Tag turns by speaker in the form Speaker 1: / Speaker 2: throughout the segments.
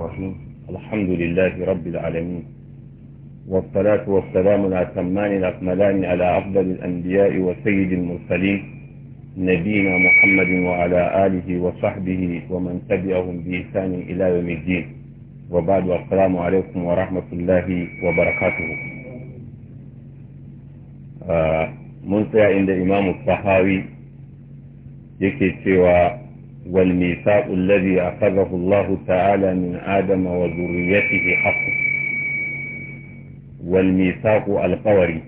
Speaker 1: الرحيم الحمد لله رب العالمين والصلاة والسلام الأتمان الأكملان على أفضل الأنبياء وسيد المرسلين نبينا محمد وعلى آله وصحبه ومن تبعهم بإحسان إلى يوم الدين وبعد السلام عليكم ورحمة الله وبركاته آه منطقة عند إمام الصحاوي يكي سوى والميثاق الذي أخذه الله تعالى من آدم وذريته حق والميثاق القوري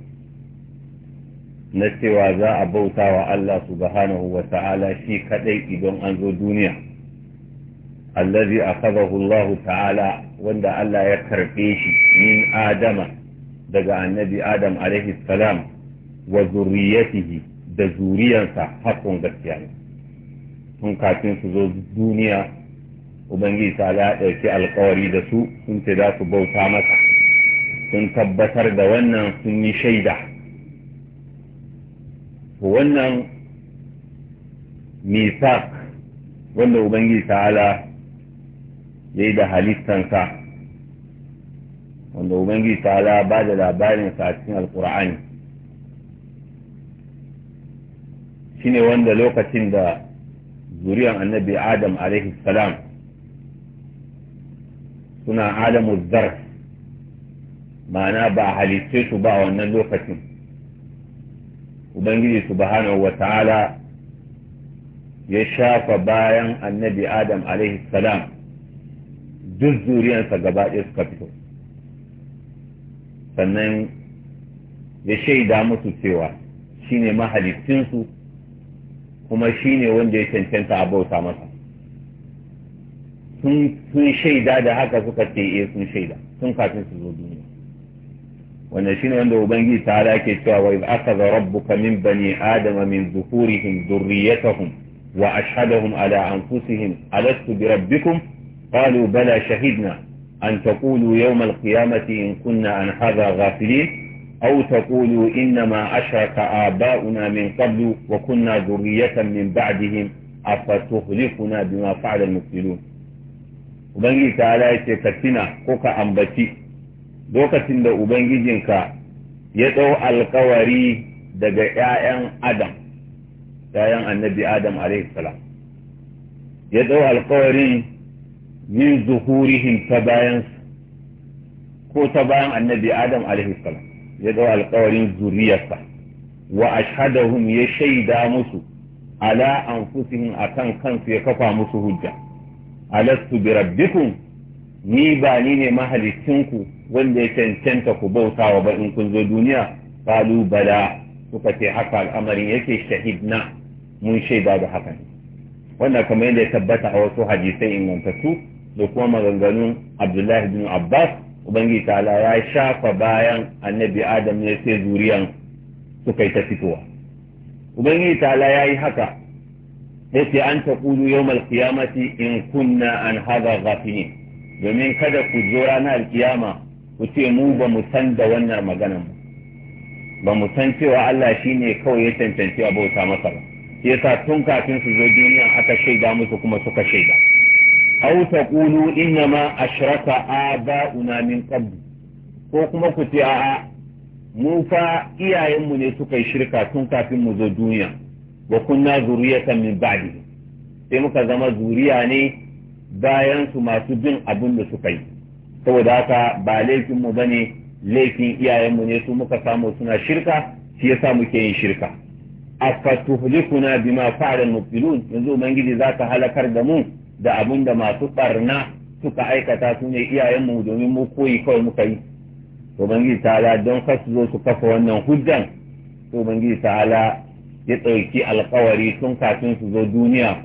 Speaker 1: نسوى ذا أبوتا وألا سبحانه وتعالى شي كدي إدون أنزو دنيا الذي أخذه الله تعالى وند ألا يكربيش من آدم دقى النبي آدم عليه السلام وذريته دزوريا حق قتيانه sun kafin su zo duniya ubangiji ta ya ɗauki alkawari da su sun ce za su bauta masa sun tabbatar da wannan sun yi shaida wannan misak wanda ubangiji ta'ala ya yi da halittansa wanda ubangiji ta'ala ba da labarin sa a cikin alkur'ani shine wanda lokacin da zuriyar annabi adam salam suna adamu zar ma'ana ba halitce su ba wannan lokacin ubangiji ba wa ta'ala ya shafa bayan annabi adam salam duk zuriyarsa gaba ɗaya suka fito sannan ya shaida musu cewa shine mahalittinsu kuma shi ne wanda ya cancanta a bauta masa sun shaida da haka suka ce eh sun shaida sun kafin su zo duniya wannan shine wanda ubangiji ta hada ke cewa wa iz akhadha rabbuka min bani adama min zuhurihim dhurriyyatahum wa ashhadahum ala anfusihim alastu bi rabbikum qalu bala shahidna an taqulu yawm al-qiyamati in kunna an hadha ghafilin أو تقولوا إنما أشرك آباؤنا من قبل وكنا ذرية من بعدهم أفتهلكنا بما فعل المفسدون Ubangiji ta ala ce ka tina ko ka ambaci lokacin da Ubangijinka ya ɗau alkawari daga ‘ya'yan Adam, ‘ya'yan annabi Adam salam ya ɗau alkawarin min zuhurihim ta ko ta bayan annabi Adam salam ya ɗau alkawarin zuriyarsa wa ashhadahum ya shaida musu ala anfusihim akan kansu ya kafa musu hujja alastu bi rabbikum ni ba ni ne mahalicinku wanda ya cancanta ku bautawa ba in kun zo duniya kalu bala suka ce haka al'amarin yake shahidna mun shaida da haka ne wannan kamar yadda ya tabbata a wasu hadisai ingantattu da kuma maganganun abdullahi bin abbas ubangiji ta'ala ya shafa bayan annabi adam ne sai zuriyan suka yi ta fitowa ubangiji ta'ala ya yi haka yace an ta kulu yau malkiyamati in kunna an hadha ghafilin domin kada ku zo ranar alkiyama ku ce mu ba mu san da wannan maganan ba mu san cewa Allah shi ne kawai ya cancanci abota masa ba Ke tun kafin su zo duniya aka shaida musu kuma suka shaida aw taqulu innama ashraka aba'una min qabl ko kuma ku ce a'a mu fa iyayenmu ne suka yi shirka tun kafin mu zo duniya wa kunna zuriyatan min ba'di sai muka zama zuriya ne bayan su masu bin abin da suka yi saboda haka ba laifin mu bane laifin iyayenmu ne su muka samu suna shirka shi yasa muke yin shirka afatuhlikuna bima fa'ala al yanzu ubangiji zaka halakar da mu da abin da masu barna suka aikata su ne iyayenmu domin mu koyi kawai muka yi ubangiji ta'ala don kasu zo su kafa wannan hujjan ubangiji ta'ala ya ɗauki alkawari tun kafin su zo duniya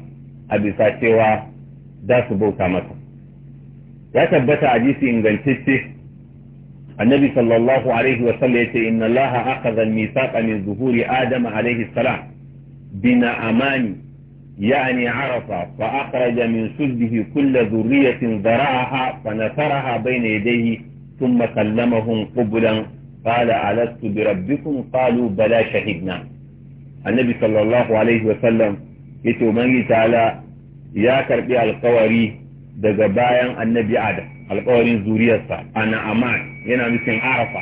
Speaker 1: a bisa cewa za su bauta masa ya tabbata a jisi ingantacce annabi sallallahu alaihi wa sallam yace inna allaha akhadha al-mithaqa min zuhuri adam alaihi salam bina amani يعني عرفة فأخرج من سده كل ذرية ذرعها فنثرها بين يديه ثم كلمهم قبلا قال ألست بربكم قالوا بلى شهدنا النبي صلى الله عليه وسلم يتومني تعالى يا كربي القواري daga bayan annabi Adam alƙawarin zuriyarsa ana aman yana nufin arafa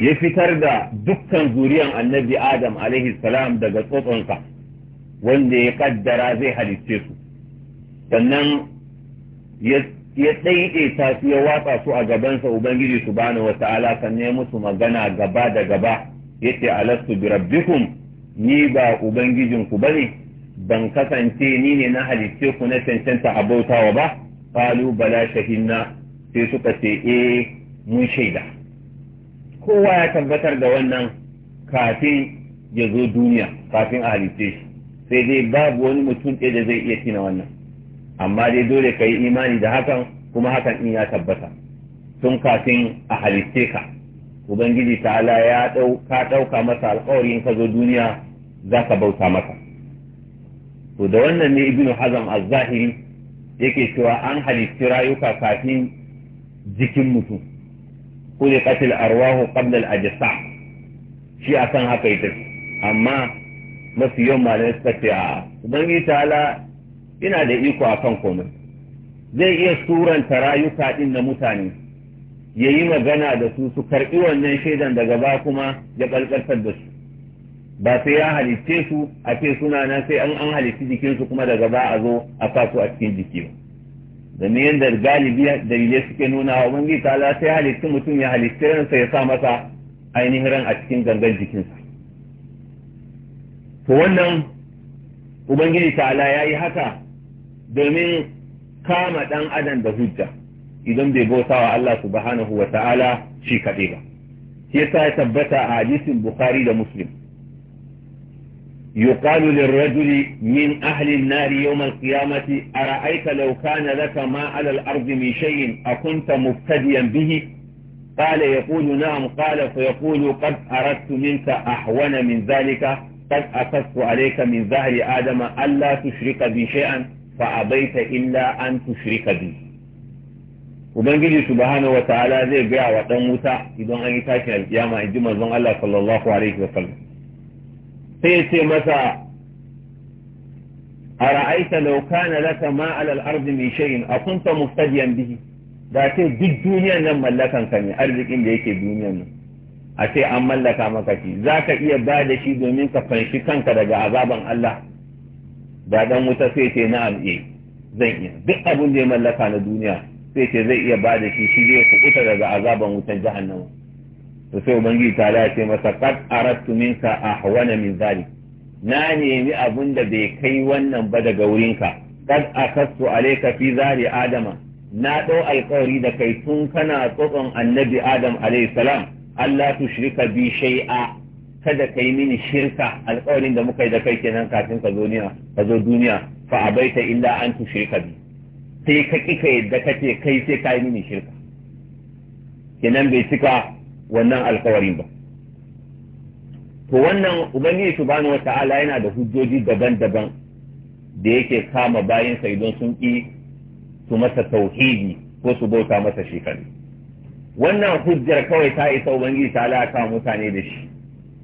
Speaker 1: ya fitar da dukkan zuriyan annabi Adam alaihi salam daga tsotsonsa wanda ya kaddara zai halicce su sannan ya ɗaiɗaita su ya watsa su a gabansa ubangiji su bani wata'ala kan ne musu magana gaba da gaba ya yace alastu bi rabbikum ni ba ubangijinku bane ban kasance ni ne na halicce ku na cancanta a bautawa ba Falu bala shahinna sai suka ce eh mun shaida kowa ya tabbatar da wannan kafin ya zo duniya kafin a halicce shi sai dai babu wani mutum ɗaya da zai iya tina wannan amma dai dole ka yi imani da hakan kuma hakan in ya tabbata tun kafin a halitte ka ubangiji ta'ala ya ɗau ka ɗauka masa alƙawari in ka zo duniya za ka bauta masa to da wannan ne ibnu hazam az-zahiri yake cewa an halitti rayuka kafin jikin mutum kuliqatil arwahu qabla al-ajsa shi akan haka ita amma mafi yawan malamai suka ce a ubangiji ta'ala yana da iko a kan komai zai iya suranta rayuka ɗin na mutane ya yi magana da su su karɓi wannan shaidan daga ba kuma ya ƙalƙaltar da su ba sai ya halicce su a ce suna nan sai an an halicci jikinsu kuma daga ba a zo a sa a cikin jiki ba domin yadda galibi dalilai suke nuna wa ubangiji ta'ala sai halicci mutum ya halicci ransa ya sa masa ainihin ran a cikin gangan jikinsa to wannan ubangiji ta'ala ya yi haka domin kama ɗan adam da hujja idan bai bauta wa Allah subhanahu wa ta'ala shi kaɗai ba shi yasa ya tabbata a hadisin bukhari da muslim yuqalu min يقال للرجل من أهل النار يوم القيامة أرأيت لو كان لك ما على الأرض من شيء أكنت مبتديا به قال يقول نعم قال فيقول قد أردت منك أحون من ذلك قد أخذت عليك من ظهر آدم ألا تشرك بي شيئا فأبيت إلا أن تشرك بي Ubangiji subhanahu wa ta'ala zai gaya wa ɗan wuta idan an yi tashin alkiyama in ji manzon Allah sallallahu alaihi wa sai ya ce masa a ra'aita law kana laka ma alal ardi min shay'in kunta muftadiyan bihi da ce duk duniyan nan mallakan ka ne arzikin da yake duniyan nan a ce an mallaka maka shi za ka iya ba da shi domin ka fanshi kanka daga azaban Allah Ba dan wuta sai ce na am'e eh, zan iya duk abin da ya mallaka na duniya sai ce zai iya ba da shi shi zai kuɓuta daga azaban wutan jahannama to sai ubangiji ta ya ce masa kad aradtu minka ahwana min zalik na nemi abin da bai kai wannan ba daga wurinka kad akastu alayka fi zari adama na ɗau alƙawari da kai tun kana tsotson annabi adam alayhi salam Allah tu shirka bi shay'a kada ka yi mini shirka alƙawarin da muka yi da kai kenan kafin ka zo duniya ka zo duniya fa abaita illa an tu shirka bi sai ka ki ka yadda kace kai sai ka yi mini shirka kenan bai cika wannan alƙawarin ba to wannan ubangiji subhanahu wata'ala yana da hujjoji daban-daban da yake kama bayin sa idan sun ki su masa tauhidi ko su bauta masa shi wannan hujjar kawai ta isa ubangiji ta alaka mutane da shi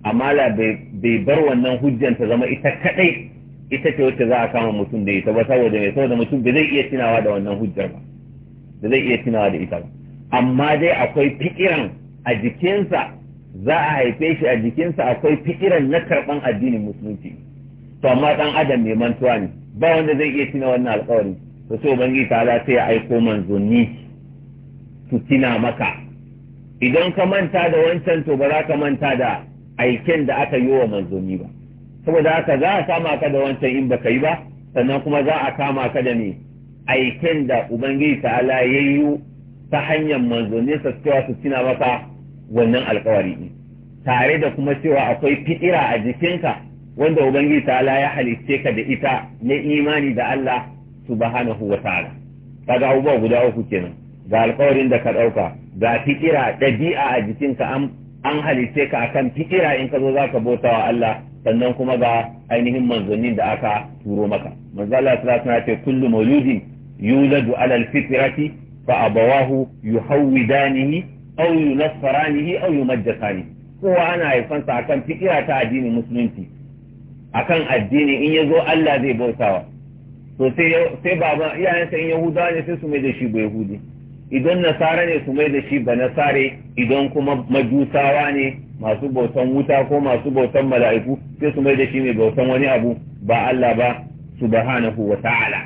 Speaker 1: amma la bai bar wannan hujjar ta zama ita kadai ita ce wacce za a kama mutum da ita ba saboda mai saboda mutum ba zai iya tunawa da wannan hujjar ba ba zai iya tunawa da ita ba amma dai akwai fikiran a jikinsa za a haife shi a jikinsa akwai fikiran na karban addinin musulunci to amma dan adam mai mantuwa ne ba wanda zai iya tuna wannan alƙawari to sai ubangiji ta sai ya aiko manzanni su tina maka idan ka manta da wancan to ba za ka manta da aiken da aka yi wa manzoni ba saboda haka za a kama ka da wancan in baka yi ba sannan kuma za a kama ka da ne aiken da ubangiji ta ala ya yi ta hanyar manzoni sa cewa su tina maka wannan alkawari ne tare da kuma cewa akwai fitira a jikinka wanda ubangiji ta ala ya halicce ka da ita na imani da Allah subhanahu wa ta'ala kaga abubuwa guda uku kenan ga alkawarin da ka ɗauka ga fikira ɗabi'a a jikinka an halice ka akan fikira in ka zo za ka bauta wa Allah sannan kuma ga ainihin manzonin da aka turo maka manzo Allah sallallahu alaihi ce kullu mawludin yuladu ala alfitrati fa abawahu yuhawidanihi aw yunassaranihi aw yumajjasani kowa ana haifansa akan fikira ta addinin musulunci akan addini in ya zo Allah zai bautawa to sai baban iyayensa in yahudawa ne sai su mai da shi ba yahudi idan nasara ne su mai da shi ba nasare idan kuma majusawa ne masu bautan wuta ko masu bautan mala'iku sai su mai da shi mai bautan wani abu ba Allah ba subhanahu wa ta'ala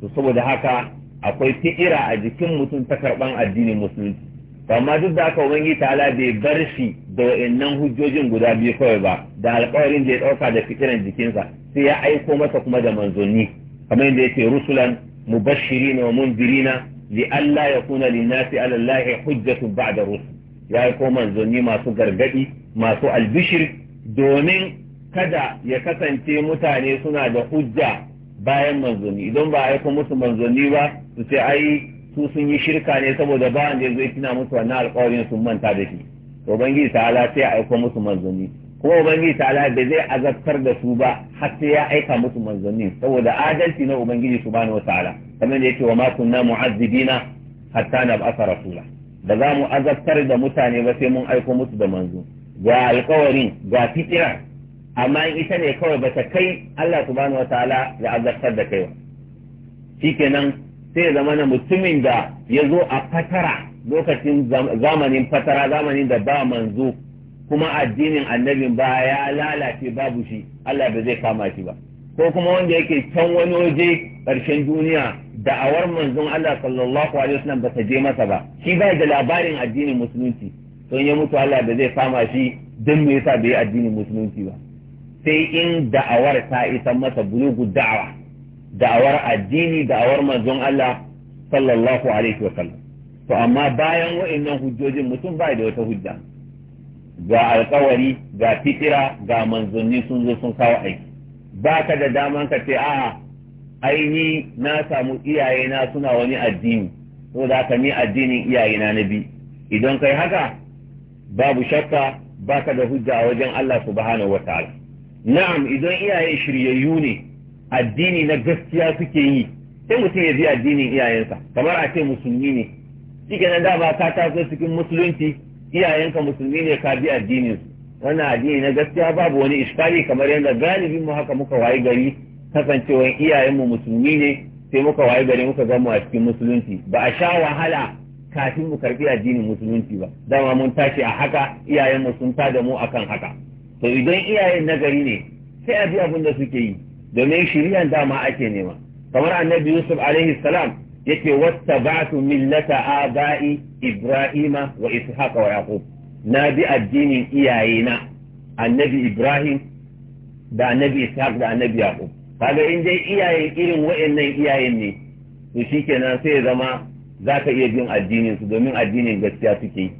Speaker 1: to saboda haka akwai fi'ira a jikin mutum ta karban addinin musulunci amma duk da haka wani ta'ala bai bar shi da wa'annan hujjojin guda biyu kawai ba da alƙawarin da ya ɗauka da fitiran jikinsa sai ya aiko masa kuma da manzanni kamar yadda yake rusulan mubashirina wa mundirina li alla yakuna linasi ala allahi hujjatu ba'da rusul ya ko manzoni masu gargadi masu albishir domin kada ya kasance mutane suna da hujja bayan manzoni idan ba aiko musu manzoni ba su ce ai su sun yi shirka ne saboda ba wanda zai tuna musu wannan alƙawarin sun manta da shi to ta ta'ala sai aiko musu manzoni kuma ta ta'ala bai zai azabtar da su ba har sai ya aika musu manzoni saboda adalci na ubangiji subhanahu wataala kamar da yake wa na kunna mu'azzibina hatta ba'asa rasula ba za mu azabtar da mutane ba sai mun aiko musu da manzo ga alkawarin ga fitira amma in ita ne kawai ba ta kai Allah subhanahu ta'ala ya azabtar da kai ba shikenan sai ya zama na mutumin da ya zo a fatara lokacin zamanin fatara zamanin da ba manzo kuma addinin annabin ba ya lalace babu shi Allah ba zai kama shi ba ko kuma wanda yake can wani waje ƙarshen duniya da'awar manzon Allah sallallahu alaihi wasallam ba ta je masa ba shi bai da labarin addinin musulunci to ya mutu Allah da zai fama shi don me yasa bai addinin musulunci ba sai in da'awar ta isa masa bulugu da'awa da'awar addini da'awar manzon Allah sallallahu alaihi wasallam to amma bayan wa'annan hujjojin mutum bai da wata hujja ga alƙawari ga fitira ga manzanni sun zo sun kawo aiki ba ka da daman ka ce a'a aini na samu iyayena suna wani addini ko da ka ni addinin iyayena na bi idan kai haka babu shakka ba ka da hujja a wajen Allah subhanahu wataala na'am idan iyaye shiryayyu ne addini na gaskiya suke yi sai mutum ya bi addinin iyayensa kamar a ce musulmi ne shi kenan da ba ka taso cikin musulunci iyayenka musulmi ne ka bi addinin su wannan addini na gaskiya babu wani iskali kamar yadda galibin mu haka muka waye gari kasancewar iyayenmu musulmi ne sai muka waye gari muka gamu a cikin musulunci ba a sha wahala kafin mu karɓi addinin musulunci ba dama mun tashi a haka iyayenmu sun da mu akan haka to idan iyayen gari ne sai a bi abin da suke yi domin shiriyan dama ake nema kamar annabi yusuf alaihi salam yake wattaba'tu millata aba'i ibrahima wa ishaqa wa yaqub na bi addinin iyayena annabi ibrahim da annabi ishaq da annabi yaqub kaga in dai iyaye irin wayannan iyaye ne to shikenan sai ya zama za ka iya bin addinin su domin addinin gaskiya suke yi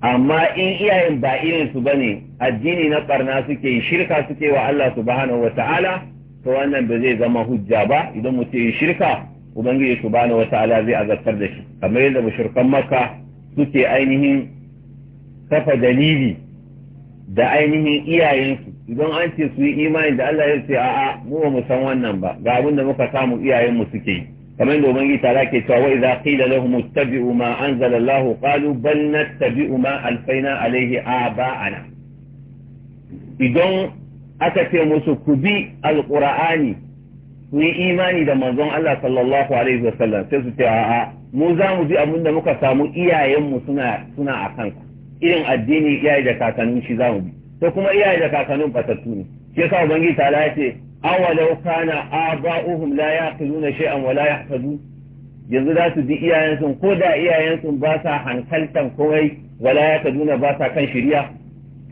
Speaker 1: amma in iyayen ba irin su bane addini na ɓarna suke shirka suke wa Allah subhanahu wata'ala to wannan ba zai zama hujja ba idan mutum ya shirka ubangiji subhanahu wata'ala zai azabtar da shi kamar yadda mushrikan makka suke ainihin kafa dalili da ainihin iyayensu idan an ce su yi imani da Allah ya ce a'a mu ba mu san wannan ba ga abin da muka samu iyayenmu suke yi kamar da ubangi tara ke cewa wa idza qila lahum ittabi'u ma anzala Allah qalu bal nattabi'u ma alfaina alayhi aba'ana idan aka ce musu ku bi alqur'ani ku yi imani da manzon Allah sallallahu alaihi wasallam sai su ce a'a mu za mu bi abin da muka samu iyayenmu suna suna akan ku irin addini iyaye da kakannin shi zamu bi to kuma iyaye da kakannin fatattu ne shi yasa ubangiji ta ya ce awalau kana aba'uhum la yaqiluna shay'an wa la yahtadu yanzu za su bi iyayensu ko da iyayensu ba sa hankaltan kowai wala ya ta nuna ba sa kan shirya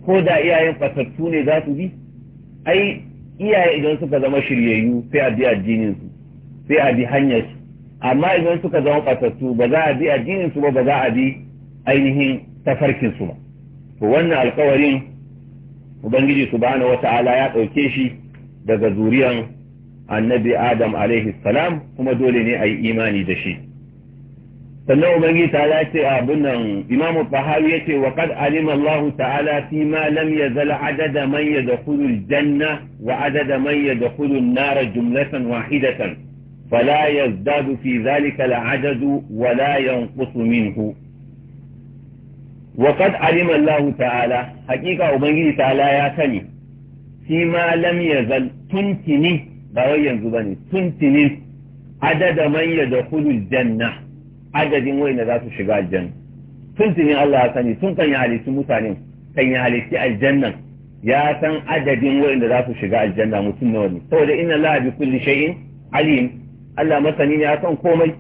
Speaker 1: ko da iyayen fatattu ne za su bi ai iyaye idan suka zama shiryayyu sai a bi addinin su sai a bi hanyar su amma idan suka zama fatattu ba za a bi addinin su ba ba za a bi ainihin tafarkinsu su ba to wannan alkawarin ubangiji subhanahu wata'ala ya ɗauke shi daga zuriyan annabi adam alaihi salam kuma dole ne a yi imani da shi sannan ubangiji ta ya ce abin nan imamu fahawi ya ce wa kad alima allah ta'ala fi ma lam yazala adada man yadkhulu janna wa adada man yadkhulu an-nara jumlatan wahidatan fala yazdadu fi dhalika al-adadu wa la yanqusu minhu wa alimallahu ta'ala hakika ubangiji ta'ala ya sani shi ma lam yazal tuntini ba wai yanzu bane tuntini adada man yadkhulu janna adadin wayanda za su shiga aljanna tuntini Allah ya sani tun kan ya halitti mutanen kan ya halitti aljannan ya san adadin wayanda za su shiga aljanna mutum nawa ne saboda inna Allah bi kulli shay'in Allah masani ne komai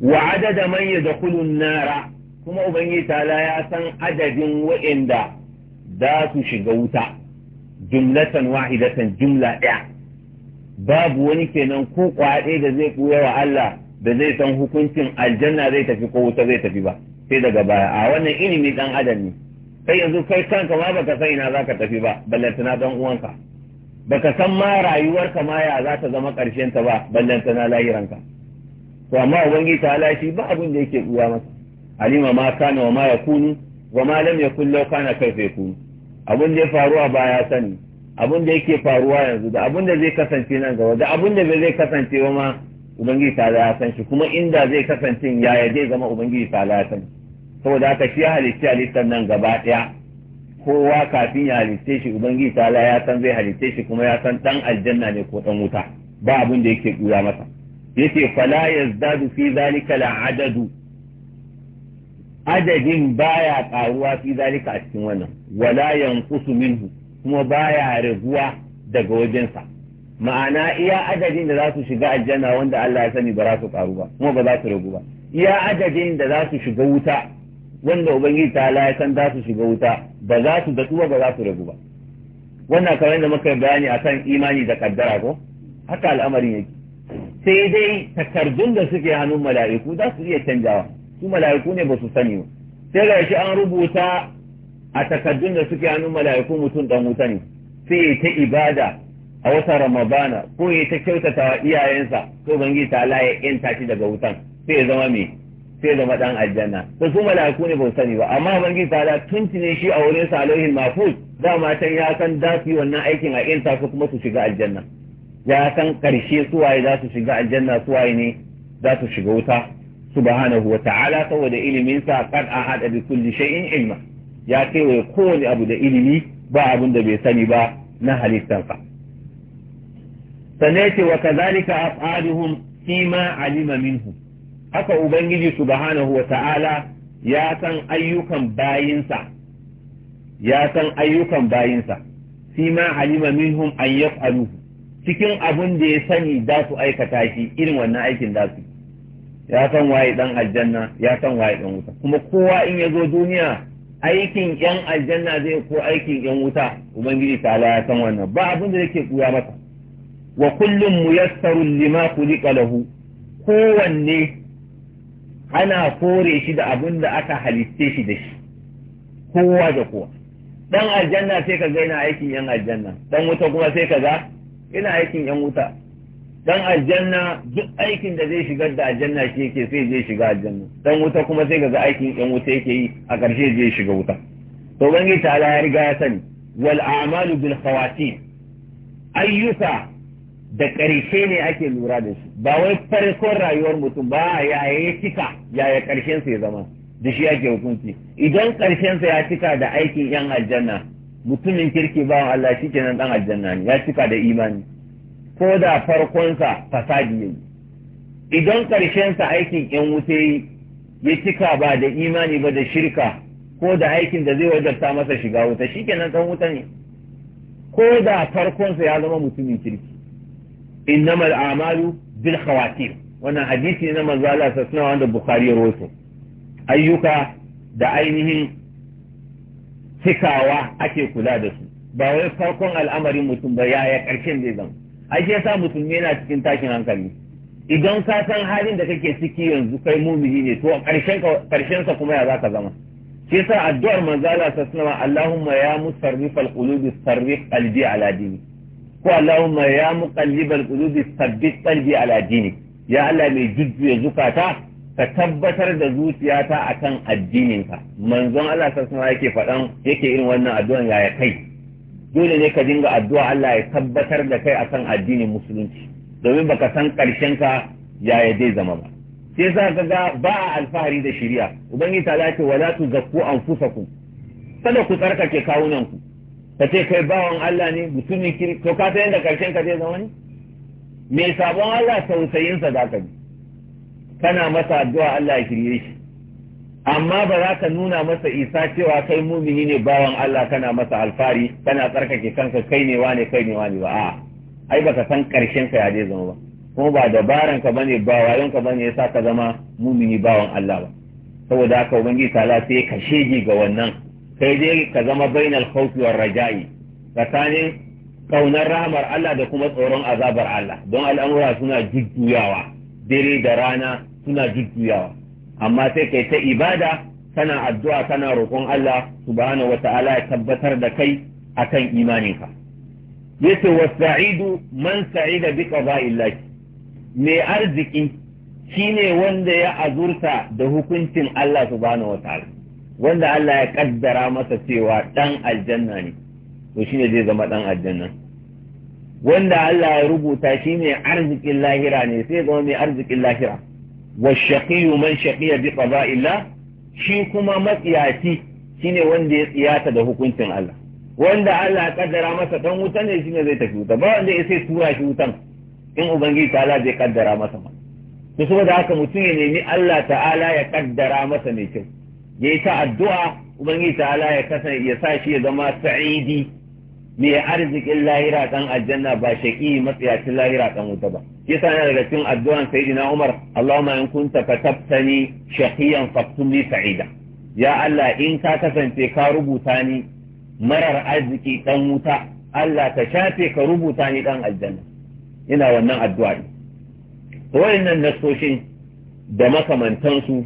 Speaker 1: wa adada man nara kuma ubangiji ta'ala ya san adadin waɗanda za su shiga wuta jumlatan wahidatan jumla ɗaya babu wani kenan ko kwaɗe da zai ɓuya wa Allah da zai san hukuncin aljanna zai tafi ko wuta zai tafi ba sai daga baya a wannan ilimi dan adam ne sai yanzu kai kanka ma baka san ina zaka tafi ba ballantana dan uwanka baka san ma rayuwarka ma ya za ta zama karshen ta ba ballantana lahiranka to amma ubangiji ta shi ba abin da yake ɓuya masa alima ma kana wa ma yakunu wa ma lam yakun law kana kaifa yakunu abun da ya faru a baya sani abun da yake faruwa yanzu da abun da zai kasance nan gaba da abun da bai zai kasance ba ma ubangiji ta ya san shi kuma inda zai kasance ya zai zama ubangiji ta ya san saboda haka shi ya halitta halittar nan gaba daya kowa kafin ya halitte shi ubangiji ta ya san zai halitte shi kuma ya san dan aljanna ne ko dan wuta ba abun da yake kura masa yace fala yazdadu fi zalika la adadu adadin baya karuwa fi zalika a cikin wannan wala yanqusu minhu kuma baya raguwa daga wajensa ma'ana iya adadin da za su shiga aljanna wanda Allah ya sani ba za su karu ba kuma ba za su ragu ba iya adadin da za su shiga wuta wanda ubangiji ta ya san za su shiga wuta ba za su datsu ba za su ragu ba wannan kamar da muka bayani akan imani da kaddara ko haka al'amarin yake sai dai takardun da suke hannun mala'iku za su iya canjawa su mala'iku ne ba su sani ba sai ga shi an rubuta a takaddun da suke hannun mala'iku mutum dan wuta ne sai ya ta ibada a wata ramadana ko ya ta kyautata wa iyayensa ko bangi ta Allah ya yanta shi daga wutan sai ya zama me sai zama dan aljanna to su mala'iku ne ba su sani ba amma bangi ta tun tuntune shi a wurin sa alaihi mafuz dama can ya san da wannan aikin a yanta su kuma su shiga aljanna ya san karshe suwaye za su shiga aljanna suwaye ne za su shiga wuta subhanahu wa ta'ala saboda ilimin sa kan a hada bi kulli shay'in ilma ya wai kowane abu da ilimi ba abin da bai sani ba na halittansa sannan yace wa kadhalika af'aluhum ma alima minhu haka ubangiji subhanahu wa ta'ala ya san ayyukan bayinsa ya san ayyukan fi ma alima minhum an cikin abun da ya sani za su aikata shi irin wannan aikin za su ya san waye dan aljanna ya san waye dan wuta kuma kowa in ya zo duniya aikin yan aljanna zai ko aikin yan wuta ubangiji ta'ala ya san wannan ba abin da yake kuya mata wa kullum muyassarun lima khuliqa lahu kowanne ana kore shi da abin da aka halitte shi da shi kowa da kowa dan aljanna sai ka ga yana aikin yan aljanna dan wuta kuma sai ka ga yana aikin yan wuta dan aljanna duk aikin da zai shigar da aljanna shi yake sai zai shiga aljanna dan wuta kuma sai ga aikin yan wuta yake yi a ƙarshe zai shiga wuta to bangi ta ya riga ya sani wal a'malu bil khawatim ayyuka da ƙarshe ne ake lura da shi. ba wai farkon rayuwar mutum ba yaya ya cika yaya ƙarshen sa ya zama da shi ake hukunci idan ƙarshen sa ya cika da aikin yan aljanna mutumin kirki ba Allah shi kenan dan aljanna ne ya cika da imani ko da farkonsa fasadi yayi idan ƙarshensa aikin ‘yan wuce ya cika ba da imani ba da shirka ko da aikin da zai wajarta masa shiga wuta shi kenan ɗan wuta ne ko da farkonsa ya zama mutumin kirki inna amalu bil khawatir wannan hadisi na manzo sa suna wanda Bukhari ya rawaito ayyuka da ainihin cikawa ake kula da su ba wai farkon al'amarin mutum ba ya yaya ƙarshen zai zama ai shi sa musulmi yana cikin takin hankali idan ka san halin da kake ciki yanzu kai mumini ne to karshen sa kuma ya zaka zama shi sa addu'ar manzo Allah sallallahu Allahumma ya musarrif al sarrif qalbi ala dini ko Allahumma ya muqallib al sabbit qalbi ala dini ya Allah mai jujjuya zukata ka tabbatar da zuciyata akan addininka manzon Allah sallallahu alaihi yake faɗan yake irin wannan addu'an yaya kai dole ne ka dinga addu'a Allah ya tabbatar da kai akan addinin musulunci domin baka san karshen ka yaya zai zama ba sai za ka ga ba a alfahari da shari'a ubangiji ta ce wala zakku anfusakum kada ku tsarkake kawunan ku ka ce kai bawan Allah ne mutumin kiri to ka san yadda karshen ka zai zama ne me sabon Allah tausayin sa zaka bi kana masa addu'a Allah ya kiriye shi amma ba za ka nuna masa isa cewa kai mumini ne bawan Allah kana masa alfari kana tsarkake kanka kai ne wane kai ne wane ba a'a ai baka san karshen ka ya je zama ba kuma ba dabaran ka bane ba wayon ka bane yasa ka zama mumini bawan Allah ba saboda haka ubangiji ta sai ka shege ga wannan kai dai ka zama bainal khawfi war raja'i tsakanin kaunar rahmar Allah da kuma tsoron azabar Allah don al'amura suna jujjuyawa dare da rana suna jujjuyawa amma sai kai ta ibada kana addu'a kana roƙon Allah subhanahu wata'ala ya tabbatar da kai akan imaninka yace wasa'idu man sa'ida bi qada'illahi mai arziki shine wanda ya azurta da hukuncin Allah subhanahu wata'ala wanda Allah ya kaddara masa cewa dan aljanna ne to shine zai zama dan aljanna wanda Allah ya rubuta shine arzikin lahira ne sai zama mai arzikin lahira والشقي من شقي بقضاء الله shi kuma matsiyaci shine wanda ya tsiyata da hukuncin Allah wanda Allah ya kaddara masa dan wuta ne shine zai tafi wuta ba wanda ya sai tura shi wutan in ubangiji ta Allah zai kaddara masa ma to saboda haka mutum ya nemi Allah ta'ala ya kaddara masa mai kyau ya yi ta addu'a ubangiji Allah ya kasance ya sa shi ya zama sa'idi Me arzikin lahira dan aljanna ba shaqi matsiyacin lahira dan wuta ba yasa ne daga cikin addu'an sayyidina Umar Allahumma in kunta katabtani shaqiyan faktumi sa'ida ya Allah in ka kasance ka rubuta ni marar arziki dan wuta Allah ka shafe ka rubuta ni dan aljanna ina wannan addu'a ne to wayannan nasoshin da makamantansu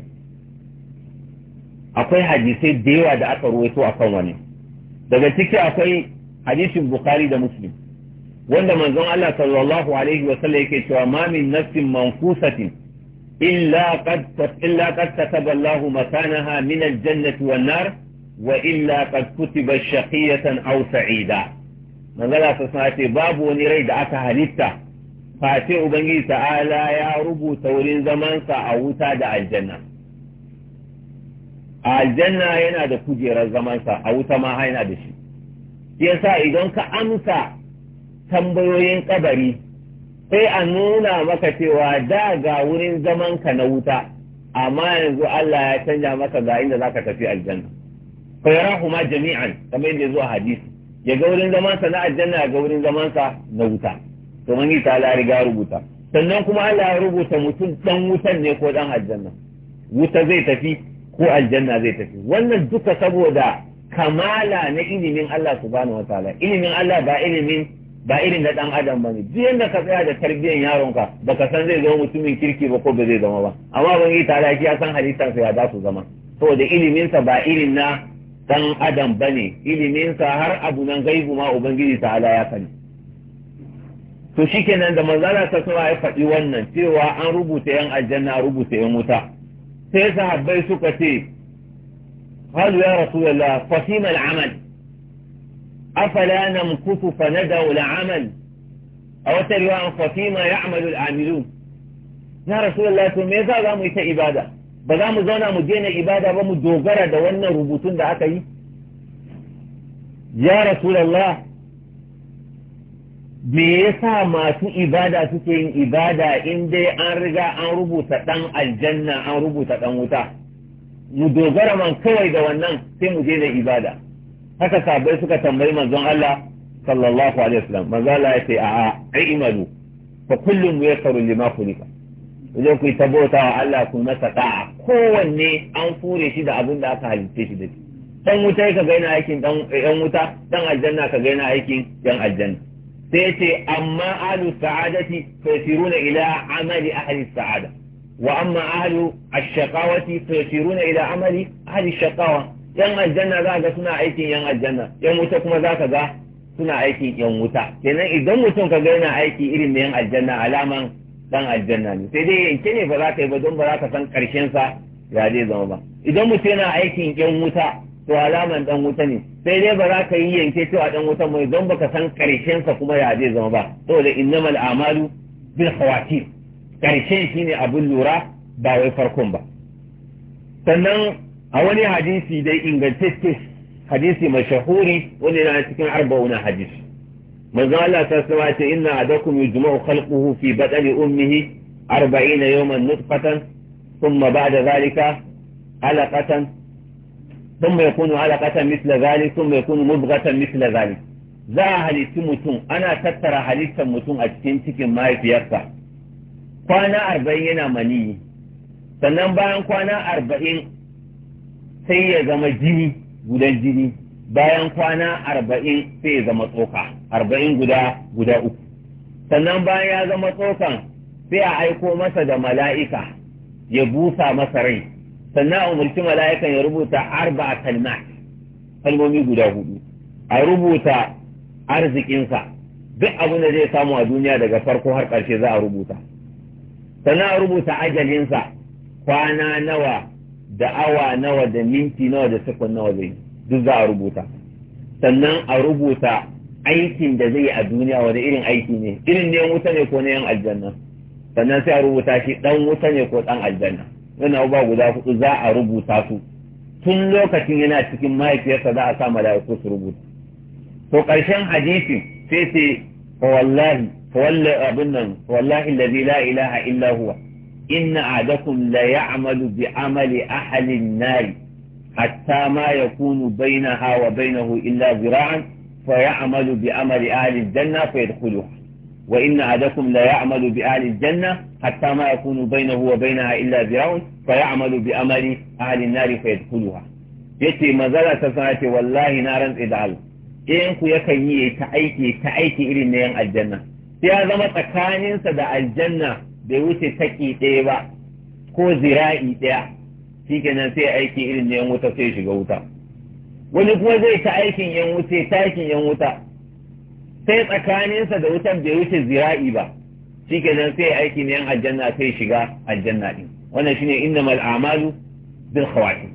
Speaker 1: akwai hadisai da yawa da aka ruwaito akan wani daga ciki akwai hadisin bukhari da muslim wanda manzon Allah sallallahu alaihi wa sallam yake cewa ma min nafsin manfusatin illa qad illa qad kataba Allahu makanaha min al-jannati wan nar wa illa qad kutiba shaqiyatan aw sa'ida manzala ta babu wani rai da aka halitta face ubangiji ta'ala ya rubuta wurin zamansa a wuta da aljanna aljanna yana da kujerar zamansa a wuta ma yana da shi yasa idan ka amsa tambayoyin kabari sai a nuna maka cewa da ga wurin zaman ka na wuta amma yanzu Allah ya canja maka ga inda zaka tafi aljanna fa yarahuma jami'an kamar yadda zuwa hadisi ya ga wurin zaman sa na aljanna ya ga wurin zaman sa na wuta to mun yi ta riga rubuta sannan kuma Allah ya rubuta mutum dan wutan ne ko dan aljanna wuta zai tafi ko aljanna zai tafi wannan duka saboda kamala na ilimin Allah subhanahu wa ta'ala ilimin Allah ba ilimin ba irin na dan adam ba ne duk yanda ka tsaya da tarbiyyar yaronka baka san zai zama mutumin kirki ba ko ba zai zama ba amma ban yi tare ya san halittarsa ya da su zama saboda iliminsa ba irin na dan adam bane ne iliminsa har abu nan gaibu ma ubangiji ta'ala ya sani to shikenan da manzala ta suna ya faɗi wannan cewa an rubuta yan aljanna rubuta yan wuta sai sahabbai suka ce قالوا يا رسول الله ففيما العمل أفلا نمكث فندع العمل أو تروا ففيما يعمل العاملون يا رسول الله ثم me za za إبادة yi زونا ibada إبادة za دوغرة دوانا ربوتون دعاك يا رسول الله dogara ya rasulullah me yasa masu ibada suke yin ibada in dai an riga an rubuta dan aljanna an rubuta dan wuta mu dogara man kawai da wannan sai mu je da ibada haka sabai suka tambayi manzon Allah sallallahu alaihi wasallam manzo Allah ya ce a'a ai imanu fa kullum yasaru lima kulika idan ku ta bauta wa Allah ku masa da'a kowanne an fure shi da abin da aka halitta shi da shi dan wuta ka ga yana aikin dan yan wuta dan aljanna ka ga yana aikin yan aljanna sai ce amma alu sa'adati yasiruna ila amali ahli sa'ada وأما أهل الشقاوة فيشيرون إلى عمل أهل الشقاوة yan aljanna za ga suna aikin yan aljanna yan wuta kuma za ka ga suna aikin yan wuta kenan idan mutum ka ga yana aiki irin na yan aljanna alaman dan aljanna ne sai dai yanke ne ba za ka yi ba don ba za ka san karshen sa ya zai zama ba idan mutum yana aikin yan wuta to alaman dan wuta ne sai dai ba za ka yi yanke cewa dan wuta mai don baka san karshen sa kuma ya zai zama ba saboda innamal amalu bil khawatim ƙarshen ne abin lura ba wai farkon ba sannan a wani hadisi dai ingantacce hadisi mai shahuri wani na cikin arba'una hadisi manzo Allah ta sama ce inna adakum yujma'u khalquhu fi batni ummihi 40 yawman nutfatan thumma ba'da zalika alaqatan thumma yakunu alaqatan mithla zalik thumma yakunu mudghatan mithla zalik za a halitti mutum ana tattara halittar mutum a cikin cikin mahaifiyarsa kwana arba'in yana maniyi sannan bayan kwana arba'in sai ya zama jini gudan jini bayan kwana arba'in sai ya zama tsoka arba'in guda guda uku sannan bayan ya zama tsokan sai a aiko masa da mala'ika ya busa masa rai sannan a umarci mala'ikan ya rubuta arba a kalmomi guda hudu a rubuta arzikinsa duk abin da zai samu a duniya daga farko har ƙarshe za a rubuta sannan rubuta ajalinsa kwana nawa da awa nawa da minti nawa da sekon nawa zai duk za a rubuta sannan a rubuta aikin da zai yi a duniya wani irin aiki ne irin ne wuta ne ko na yan aljanna sannan sai a rubuta shi dan wuta ne ko dan aljanna yana ba guda hudu za a rubuta su tun lokacin yana cikin mahaifiyarsa za a sa mala'iku su rubuta to ƙarshen hadisi sai sai wallahi abin nan wallahi lazi la ilaha illa huwa inna adakum la ya'malu bi amali ahalin nari hatta ma yakunu bainaha wa bainahu illa zira'an fa ya'malu bi amali ahli janna fa yadkhuluha wa inna adakum la ya'malu bi ahli janna hatta ma yakunu bainahu wa bainaha illa zira'un fa ya'malu bi amali ahli nari fa yadkhuluha yace mazala ta sace wallahi na rantsi da Allah in ku yakan yi ta aiki ta aiki irin na yan aljanna ya zama tsakaninsa da aljanna bai wuce taki ɗaya ba ko zira'i ɗaya shi kenan sai aiki irin yan wuta sai shiga wuta wani kuma zai ta aikin yan wuce takin yan wuta sai tsakaninsa da wutan bai wuce zira'i ba shi kenan sai aiki na yan aljanna sai shiga aljanna ɗin wannan shine innamal a'malu bil khawatim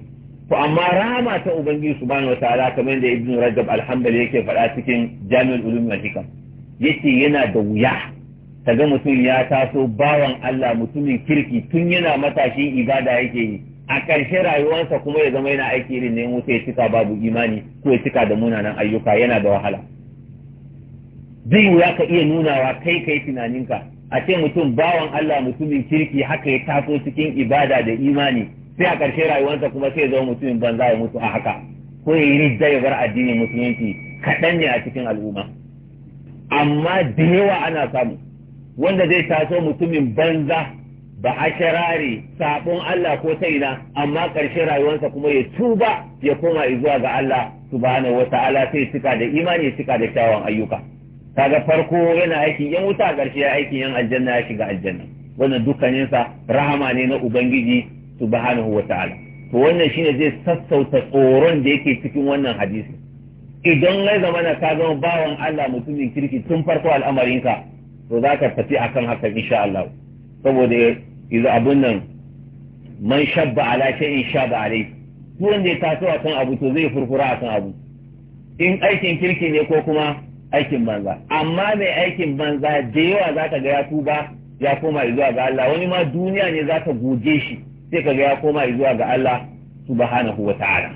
Speaker 1: to amma rama ta ubangiji subhanahu ta'ala kamar da ibnu rajab alhamdulillah yake faɗa cikin jami'ul ulum wal hikam yake yana da wuya ga mutum ya taso bawan Allah mutumin kirki tun yana matashi ibada yake yi a ƙarshe rayuwarsa kuma ya zama yana aiki irin ne wuta ya cika babu imani ko ya cika da munanan ayyuka yana da wahala zai wuya ka iya nunawa kai kai tunaninka a ce mutum bawan Allah mutumin kirki haka ya taso cikin ibada da imani sai a ƙarshe rayuwarsa kuma sai ya zama mutumin banza ya mutu a haka ko ya yi ridda ya bar addinin musulunci kaɗan ne a cikin al'umma amma da yawa ana samu wanda zai taso mutumin banza ba a kirari sabon Allah ko ta ina amma ƙarshen rayuwarsa kuma ya tuba ya koma zuwa ga Allah subhanahu wata'ala sai cika da imani ya cika da kyawun ayyuka kaga farko yana aiki yan wuta ƙarshe ya aiki yan aljanna ya shiga aljanna wannan dukkaninsa rahama ne na ubangiji subhanahu wata'ala to wannan shine zai sassauta tsoron da yake cikin wannan hadisi idan na zama na ka zama bawan Allah mutumin kirki tun farko al'amarinka to za ka tafi akan hakan insha Allah saboda idan abun nan man shabba ala shay'in shaba alai duk wanda ya taso akan abu to zai furfura akan abu in aikin kirki ne ko kuma aikin banza amma mai aikin banza da yawa za ka ga ya tuba ya koma zuwa ga Allah wani ma duniya ne za ka goge shi sai ka ga ya koma zuwa ga Allah subhanahu wa ta'ala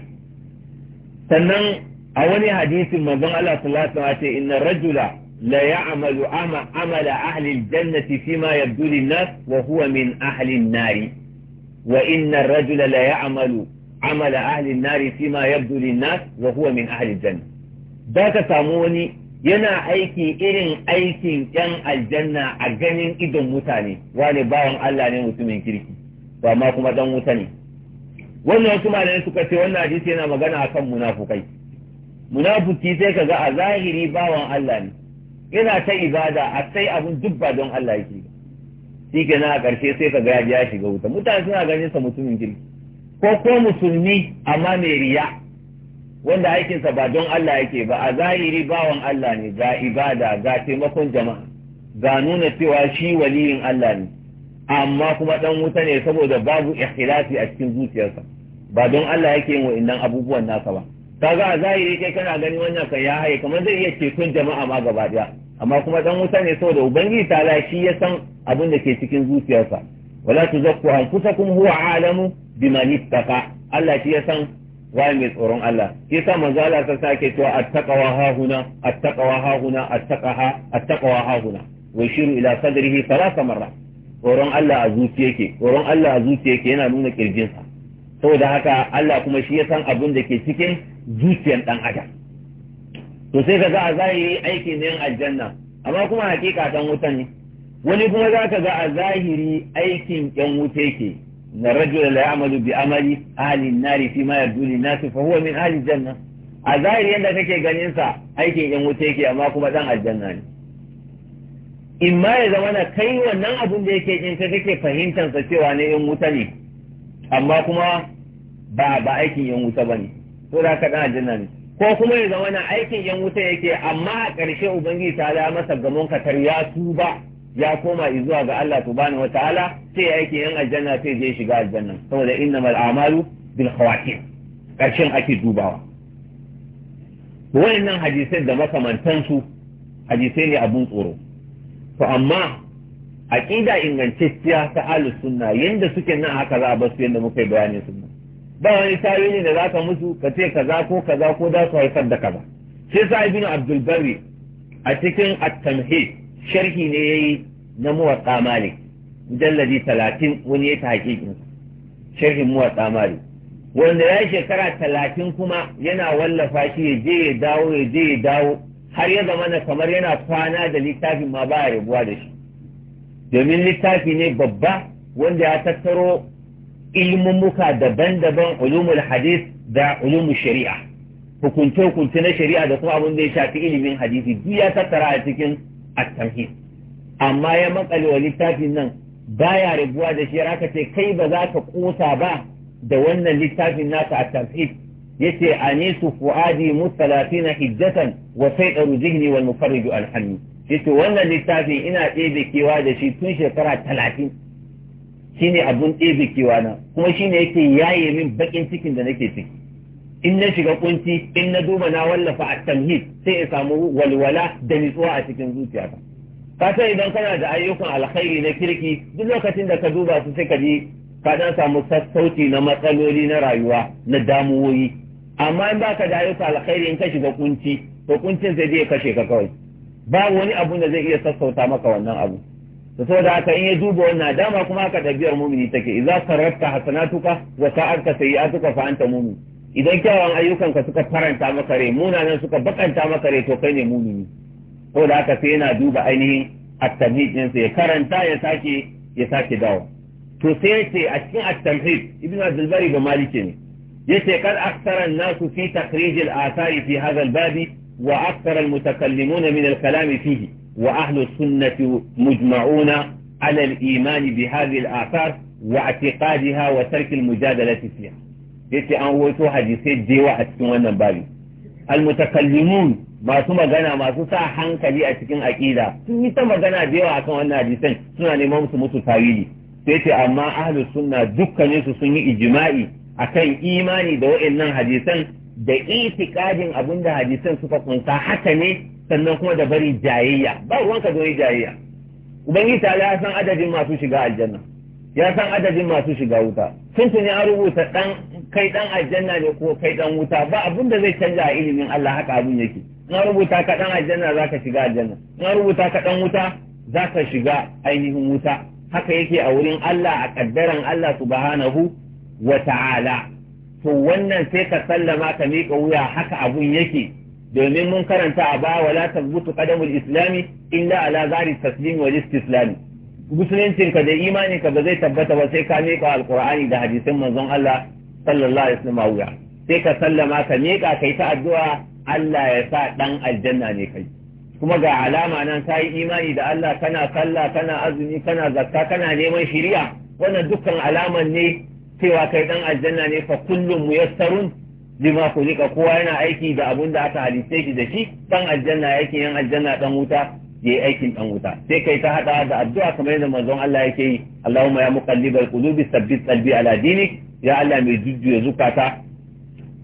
Speaker 1: sannan a wani hadisin manzon Allah sallallahu alaihi wasallam ce inna rajula la ya'malu amala ahli aljannati ma yabdu lin-nas wa huwa min ahli an-nari wa inna rajula la ya'malu amala ahli an-nari ma yabdu lin-nas wa huwa min ahli da ka samu wani yana aiki irin aikin yan aljanna a ganin idon mutane wani bawan Allah ne mutumin kirki ba ma kuma dan wuta ne wannan wasu ne suka ce wannan hadisi yana magana akan munafukai munafiki sai ka ga a zahiri bawan Allah ne yana ta ibada a sai abin duk ba don Allah yake shi na a ƙarshe sai ka ga ya shiga wuta mutane suna ganin sa mutumin girki ko ko musulmi amma mai riya wanda aikinsa ba don Allah yake ba a zahiri bawan Allah ne ga ibada ga taimakon jama'a ga nuna cewa shi waliyin Allah ne amma kuma dan wuta ne saboda babu ikhlasi a cikin zuciyarsa ba don Allah yake yin wa'annan abubuwan nasa ba kaga a zahiri kai kana gani wannan kan ya haye kamar zai iya ceton jama'a ma gaba daya amma kuma dan wuta ne saboda ubangiji ta shi ya san abin da ke cikin zuciyarsa wala tuzakku anfusakum huwa alamu biman ittaqa Allah shi ya san waye mai tsoron Allah shi yasa manzo Allah sa sake cewa attaqwa ha huna attaqwa ha huna attaqaha attaqwa ha huna wa yashiru ila sadrihi thalatha marrat tsoron Allah a zuciya tsoron Allah a zuciya yana nuna kirjinsa saboda haka Allah kuma shi ya san abin da ke cikin zuciyar dan adam to sai ka ga a zahiri aikin ne aljanna amma kuma hakika dan wuta ne wani kuma za ka ga a zahiri aikin yan wuta yake na rajul la ya'malu bi amali ahli nari fi ma yaduli nas fa huwa min ahli janna a zahiri yanda kake ganin sa aikin yan wuta yake amma kuma dan aljanna ne in ma ya zama na kai wannan abun da yake in ka kake fahimtar sa cewa ne yan wuta ne amma kuma ba ba aikin yan wuta bane ko da ka dan aljanna ne ko kuma ya zama na aikin yan wuta yake amma a ƙarshe ubangiji ta da masa gamon katar ya tuba ya koma izuwa ga Allah subhanahu wataala sai ya yake yan aljanna sai je shiga aljanna saboda innamal a'malu bil khawatim ƙarshen ake dubawa wayannan hadisai da makamantan su hadisai ne abun tsoro to amma aqida ingantacciya ta ahlus sunna yanda suke nan haka za a basu yanda muka yi bayanin sunna ba wani tarihi da za ka musu ka ce kaza ko kaza ko za su haifar da kaza sai sa ibn abdul barri a cikin at tamhi sharhi ne yayi na muwatta malik mujalladi 30 wani ya tahqiqin sharhi muwatta malik wanda ya shekara 30 kuma yana wallafa shi ya je ya dawo ya je ya dawo har ya zama na kamar yana kwana da littafin ma ba ya rabuwa da shi domin littafi ne babba wanda ya tattaro ilmummuka daban-daban ulumul hadith da ulumul shari'a hukunce-hukunce na shari'a da kuma abin da ya shafi ilimin hadisi duk ya tattara a cikin at-tamhid amma ya makale wa littafin nan baya rabuwa da shi raka ce kai ba za ka kosa ba da wannan littafin naka at-tamhid yace anisu fuadi musalatina hijjatan wa saydaru zihni wal mufarriju alhammi yace wannan littafin ina tsebe kewa da shi tun shekara talatin shine abun kewa nan, kuma shine yake yaye min bakin cikin da nake ciki in na shiga kunci in na duba na wallafa a tamhid sai in samu walwala da nitsuwa a cikin zuciyata ka san idan kana da ayyukan alkhairi na kirki duk lokacin da ka duba su sai ka ji ka dan samu sassauci na matsaloli na rayuwa na damuwoyi amma in baka da ayyukan alkhairi in ka shiga kunci to kuncin zai je kashe ka kawai babu wani abun da zai iya sassauta maka wannan abu to da haka in ya duba wannan dama kuma haka ɗabi'ar mumini take ka sarrafta hasanatuka wa sa'arka sayi'atuka fa anta mumin idan kyawawan ayyukanka suka faranta maka rai munanan suka bakanta maka rai to kai ne mumini aka haka sai yana duba ainihin at-tamhid ɗinsa ya karanta ya sake ya sake dawo to sai a cikin at-tamhid ibnu abdul maliki ne yace kal aksara nasu fi takrijil asari fi hadha al-babi wa aksara al-mutakallimuna min al-kalami fihi وأهل السنة مجمعون على الإيمان بهذه الآثار واعتقادها وترك المجادلة فيها yace an wato hadisai da a cikin wannan babi almutakallimun masu magana masu sa hankali a cikin aƙida sun yi ta magana da yawa akan wannan hadisan suna neman musu musu tawili sai ce amma ahlus sunna dukkanin sun yi ijma'i akan imani da wa'annan hadisan da itikadin abinda hadisan suka kunsa haka ne sannan kuma da bari jayayya ba ruwanka zo yi jayayya ubangiji ta ya san adadin masu shiga aljanna ya san adadin masu shiga wuta sun tuni an rubuta dan kai dan aljanna ne ko kai dan wuta ba abin da zai canja a ilimin Allah haka abin yake na rubuta ka dan aljanna zaka shiga aljanna na rubuta ka dan wuta zaka shiga ainihin wuta haka yake a wurin Allah a kaddaran Allah subhanahu wa ta'ala to wannan sai ka sallama ka miƙa wuya haka abun yake domin mun karanta a baya wala tabbutu qadamul islami illa ala zari taslim wal istislam ka da imaninka ba zai tabbata ba sai ka miƙa alqur'ani da hadisin manzon Allah sallallahu alaihi wasallam wuya sai ka sallama ka miƙa kai ta addu'a Allah ya sa dan aljanna ne kai kuma ga alama nan ta yi imani da Allah kana sallah kana azumi kana zakka kana neman shiriya wannan dukkan alaman ne cewa kai dan aljanna ne fa kullum muyassarun bima kulika kowa yana aiki da abun da aka halitta shi da shi dan aljanna yake yan aljanna dan wuta yayi aikin dan wuta sai kai ta hada da addu'a kamar yadda manzon Allah yake yi Allahumma ya muqallibal qulubi sabbin qalbi ala dinik ya Allah mai jujjuya zukata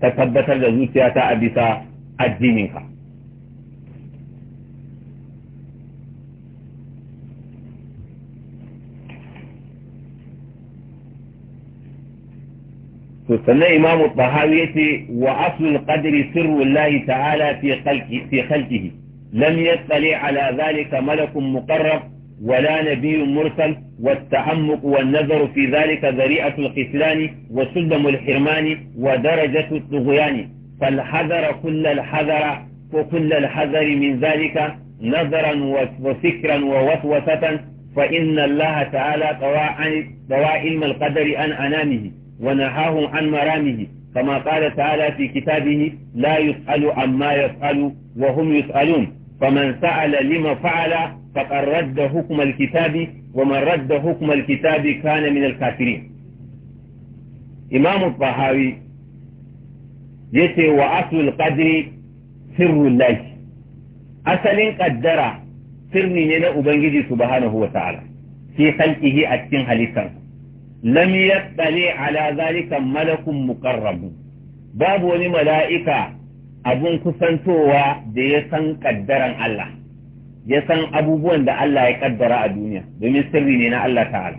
Speaker 1: ta tabbatar da zuciyata a bisa addininka to امام الطهاوية واصل القدر سر الله تعالى في خلقه, في خلقه لم يطلع على ذلك ملك مقرب ولا نبي مرسل والتعمق والنظر في ذلك ذريعة القسلان وسلم الحرمان ودرجة الطغيان فالحذر كل الحذر وكل الحذر من ذلك نظرا وفكرا ووسوسة فإن الله تعالى طوى علم القدر عن أنامه ونهاهم عن مرامه كما قال تعالى في كتابه لا يسأل عما يسأل وهم يسألون فمن سأل لما فعل فقد رد حكم الكتاب ومن رد حكم الكتاب كان من الكافرين إمام الطهاوي يتي وأصل القدر سر الله أصل قدر سر من أبنجي سبحانه وتعالى في خلقه أتنها لسانه lam yattali ala zalika malakun muqarrabu babu wani mala'ika abun kusantowa da ya san kaddaran Allah ya san abubuwan da Allah ya kaddara a duniya domin sirri ne na Allah ta'ala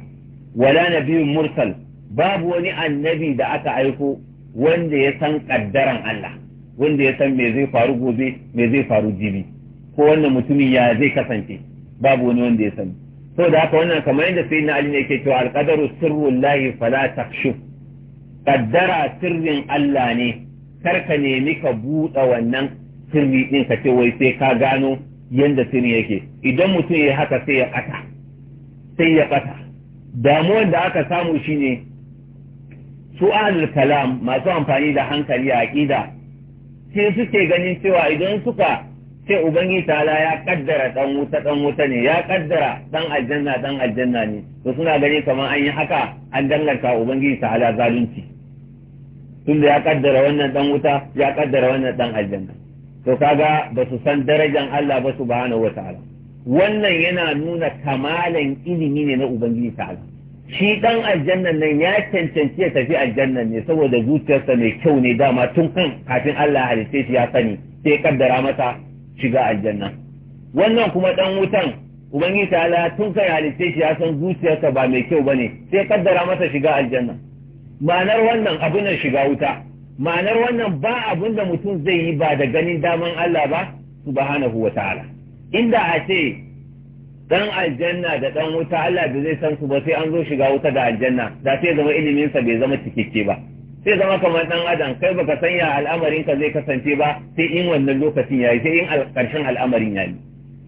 Speaker 1: wala biyun mursal babu wani annabi da aka aiko wanda ya san kaddaran Allah wanda ya san me zai faru gobe me zai faru jibi ko wannan mutumin ya zai kasance babu wani wanda ya sani so da haka wannan kamar yadda sai na ali yake ke cewa alƙadaru sirrun lahi fala takshu kaddara sirrin Allah ne kar ka nemi ka buɗe wannan sirri ɗin ka ce wai sai ka gano yadda sirri yake idan mutum ya haka sai ya ɓata sai ya ɓata damuwar da aka samu shi ne su ahlul kalam masu amfani da hankali a aƙida sai suke ganin cewa idan suka sai Ubangiji ta'ala ya kaddara dan wuta dan wuta ne ya kaddara dan aljanna dan aljanna ne to suna gani kamar an yi haka an danganta ubangi ta'ala zalunci tunda ya kaddara wannan dan wuta ya kaddara wannan dan aljanna to kaga ba su san darajar Allah ba subhanahu wataala wannan yana nuna kamalan ilimi ne na ubangiji ta'ala shi dan aljannan nan ya cancanci ya tafi aljanna ne saboda zuciyarsa mai kyau ne dama tun kan kafin Allah ya halitta shi ya sani sai kaddara masa shiga aljanna wannan kuma dan wutan ubangiji ala tun kai halice shi ya san zuciyarsa ba mai kyau bane sai kaddara masa shiga aljanna ma'anar wannan abin nan shiga wuta ma'anar wannan ba abin da mutum zai yi ba da ganin daman Allah ba subhanahu wa ta'ala inda a ce dan aljanna da dan wuta Allah da zai san su ba sai an zo shiga wuta da aljanna da sai zama iliminsa bai zama cikakke ba zai zama kamar dan adam kai baka sanya al'amarin ka zai kasance ba sai in wannan lokacin yayi sai in karshen al'amarin yayi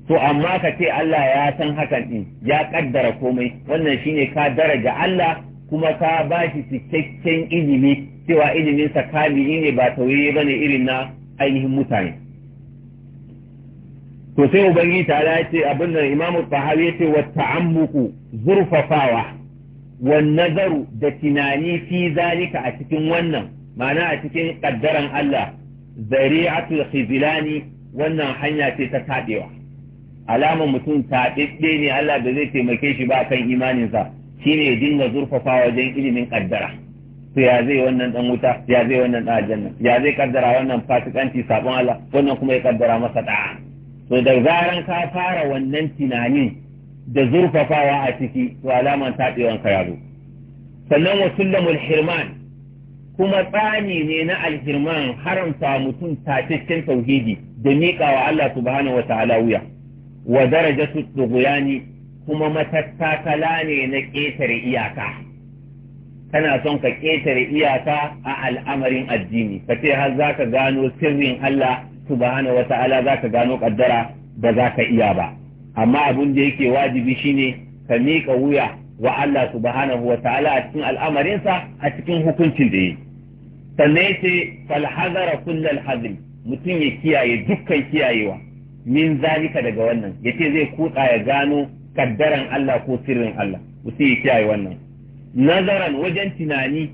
Speaker 1: to amma ka ce Allah ya san hakan din ya kaddara komai wannan shine ka daraja Allah kuma ka ba shi cikakken ilimi cewa ilimin sa kamili ne ba tauye bane irin na ainihin mutane to sai ubangiji ta ce abin nan imamu tahawi ya ce wa ta'ammuku zurfafawa wan nazaru da tunani fi zalika a cikin wannan ma'ana a cikin kaddaran Allah zari'atul khizlani wannan hanya ce ta tadewa alamar mutum taɗaɗɗe ne Allah da zai taimake shi ba kan imaninsa shine ya dinga zurfafa wajen ilimin kaddara to ya zai wannan dan wuta ya zai wannan dan aljanna ya zai kaddara wannan fasikanci sabon Allah wannan kuma ya kaddara masa da'a to da zaran ka fara wannan tunanin da zurfafawa a ciki to alaman taɗewan karatu sannan wa sullamul hirman kuma tsani ne na alhirman haramta mutum tataccen tauhidi da miƙawa Allah subhanahu wa ta'ala wuya wa darajatu duguyani kuma matattakala ne na ƙetare iyaka kana son ka ƙetare iyaka a al'amarin addini ka ce har za ka gano sirrin Allah subhanahu wa ta'ala za ka gano kaddara ba za ka iya ba amma abin da yake wajibi shine ka miƙa wuya wa Allah subhanahu wa ta'ala a cikin al'amarinsa a cikin hukuncin da yi sannan yace fal hazara kullal mutum ya kiyaye dukkan kiyayewa min zalika daga wannan Ya ce zai kutsa ya gano kaddaran Allah ko sirrin Allah mutum ya kiyaye wannan nazaran wajen tunani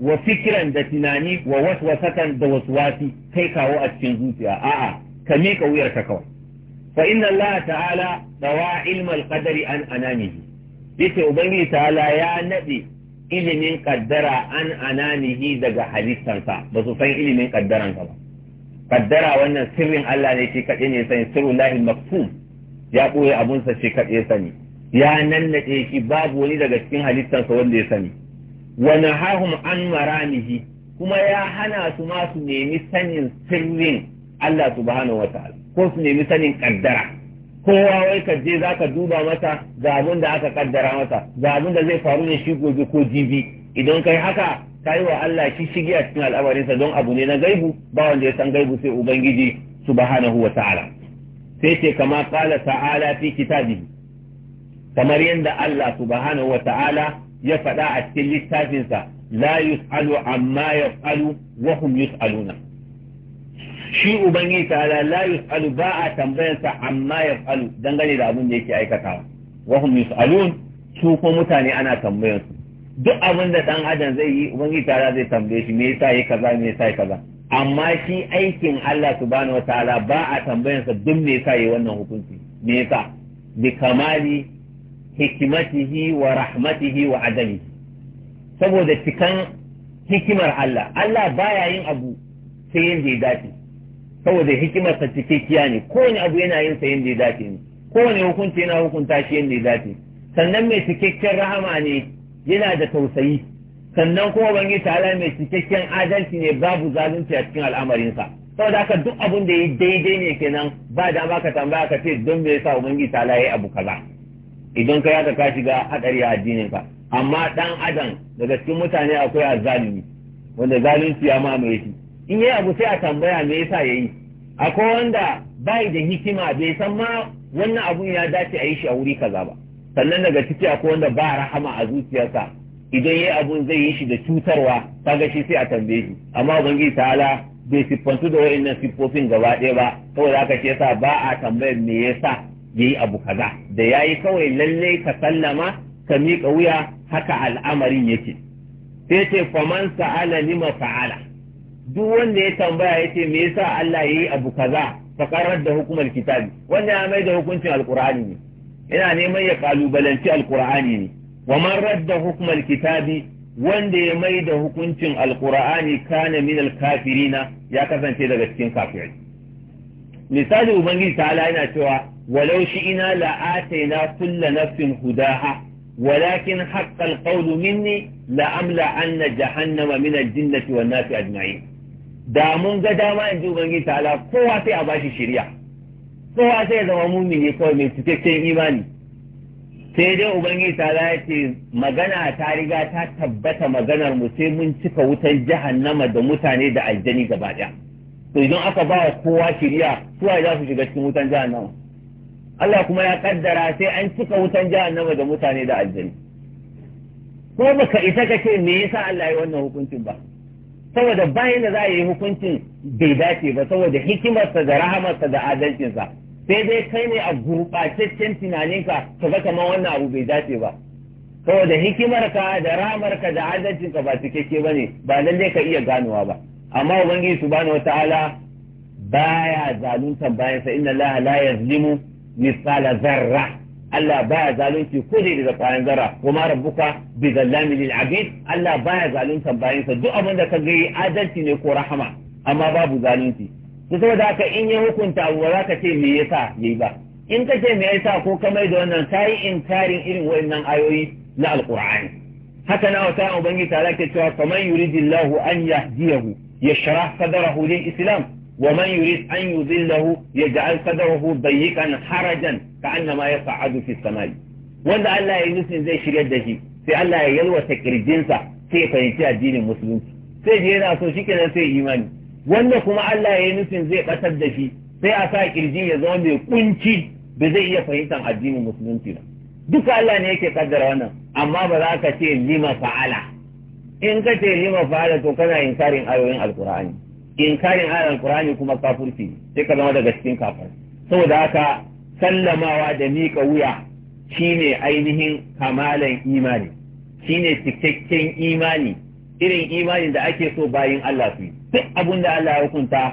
Speaker 1: wa fikiran da tunani wa waswasatan da waswasi kai kawo a cikin zuciya a'a ka miƙa wuyar ka kawai fa inna Allah ta'ala dawa ilmal qadari an ananihi ya nade ilimin kaddara an ananihi daga halittansa ba su san ilimin kaddaran ba kaddara wannan sirrin Allah ne shi maktum ya ɓoye abunsa shi ya nannaɗe shi babu wani daga cikin ya sani wa nahahum an maramihi kuma ya hana su ma su nemi sanin sirrin ko su nemi sanin kaddara kowa wai ka je za ka duba masa ga abin da aka kaddara masa ga abin da zai faru ne shi gobe ko jibi idan kai haka ka yi wa Allah shi shige a cikin al'amarinsa don abu ne na gaibu ba wanda ya san gaibu sai ubangiji subhanahu wa ta'ala sai ce kama kala ta'ala fi kitabihi kamar yadda Allah subhanahu wa ta'ala ya faɗa a cikin littafinsa la yus'alu amma yaf'alu wa hum yus'aluna shi ubangiji ala la yus'alu ba a tambayar sa amma yaf'alu dangane da abin da yake aikatawa wa hum yus'alun su ko mutane ana tambayar su duk abin da dan adam zai yi ubangiji ala zai tambaye shi me yasa yi kaza me yasa yi kaza amma shi aikin Allah subhanahu ta'ala ba a tambayar sa duk me yasa yi wannan hukunci me yasa bi kamali hikmatihi wa rahmatihi wa adali saboda cikan hikimar Allah Allah baya yin abu sai yanda ya dace saboda hikimar sa cikakkiya ne kowane abu yana yin sa yadda ya dace ne kowane hukunci yana hukunta shi yadda ya dace sannan mai cikakken rahama ne yana da tausayi sannan kuma bangi ta'ala mai cikakken adalci ne babu zalunci a cikin al'amarin al'amarinsa saboda haka duk abin da ya daidai ne kenan ba da dama ka tambaya ka ce don me yasa ubangi ta'ala ya abu kaza idan ka yaka ka shiga hadari a addinin ka amma dan adam daga cikin mutane akwai azzalimi wanda zalunci ya mamaye shi in yi abu sai a tambaya me yasa ya yi. akwai wanda bai da hikima bai san ma wannan abun ya dace a yi shi a wuri kaza ba sannan daga ciki akwai wanda ba rahama a zuciyarsa idan yi abun zai yi shi da cutarwa kaga shi sai a tambaye shi amma ubangiji ta'ala bai siffantu da wayannan siffofin gaba ɗaya ba saboda haka shi yasa ba a tambayar me yasa ya yi abu kaza da ya yi kawai lallai ka sallama ka miƙa wuya haka al'amarin yake sai ce faman sa'ala lima fa'ala duk wanda ya tambaya ya ce me yasa Allah ya yi abu kaza fakarar da hukumar kitabi wannan ya mai da hukuncin alkur'ani ne yana neman ya kalubalanci alkur'ani ne wa man radda hukumar kitabi wanda ya mai da hukuncin alkur'ani kana min alkafirina ya kasance daga cikin kafirai misali ubangiji ta'ala yana cewa walau shi ina la'ataina kulla nafsin hudaha ولكن حق القول مني لأملأن جهنم من الجنة والناس أجمعين da mun ga dama in ji ubangiji ala, kowa sai a bashi shiriya kowa sai ya zama ne kawai mai cikakken imani sai dai ubangiji ala ya ce magana ta riga ta tabbata maganar mu sai mun cika wutan jahannama da mutane da aljani gaba daya to idan aka ba wa kowa shiriya suwa za su shiga cikin wutan jahannama Allah kuma ya kaddara sai an cika wutan jahannama da mutane da aljani ko baka isa ce me yasa Allah ya wannan hukuncin ba saboda bayan da za a yi hukuncin bai dace ba saboda hikimarsa da rahamarsa da adalcinsa sai dai kai ne a gurɓataccen tunaninka ka ga kamar wannan abu bai dace ba saboda hikimarka da rahamarka da adalcinka ba cikakke ba ne ba lallai ka iya ganowa ba amma ubangiji subhanahu wataala baya zalunta bayansa inna allaha la yazlimu misala zarra Allah baya zalunci ko da daga kwayan zara kuma rabbuka bi zallami lil abid Allah baya zalunta bayan sa duk abin da ka ga adalci ne ko rahama amma babu zalunci to saboda haka in ya hukunta abu zaka ka ce me yasa yayi ba in ka ce me yasa ko ka mai da wannan kai inkarin irin wayannan ayoyi na alqur'ani haka na wata ubangi tare ke cewa Kamar yuridillahu an yahdiyahu yashrah sadrahu lil islam wa man yurid an yudillahu yaj'al sadrahu dayyiqan harajan ka annama ya sa'adu fi wanda Allah ya yi nufin zai shigar da shi sai Allah ya yalwata kirjinsa sai fahimci addinin musulunci sai je yana so shi kenan sai imani wanda kuma Allah ya yi nufin zai batar da shi sai a sa kirji ya zama mai kunci ba zai iya fahimtar addinin musulunci ba duka Allah ne yake kaddara wannan amma ba za ka ce lima fa'ala in ka ce lima fa'ala to kana inkarin ayoyin alkur'ani inkarin ayoyin alkur'ani kuma kafirci sai ka zama daga cikin kafir saboda haka sallamawa da miƙa wuya shine ainihin kamalan imani shine cikakken imani irin imani da ake so bayin Allah su duk abin da Allah ya hukunta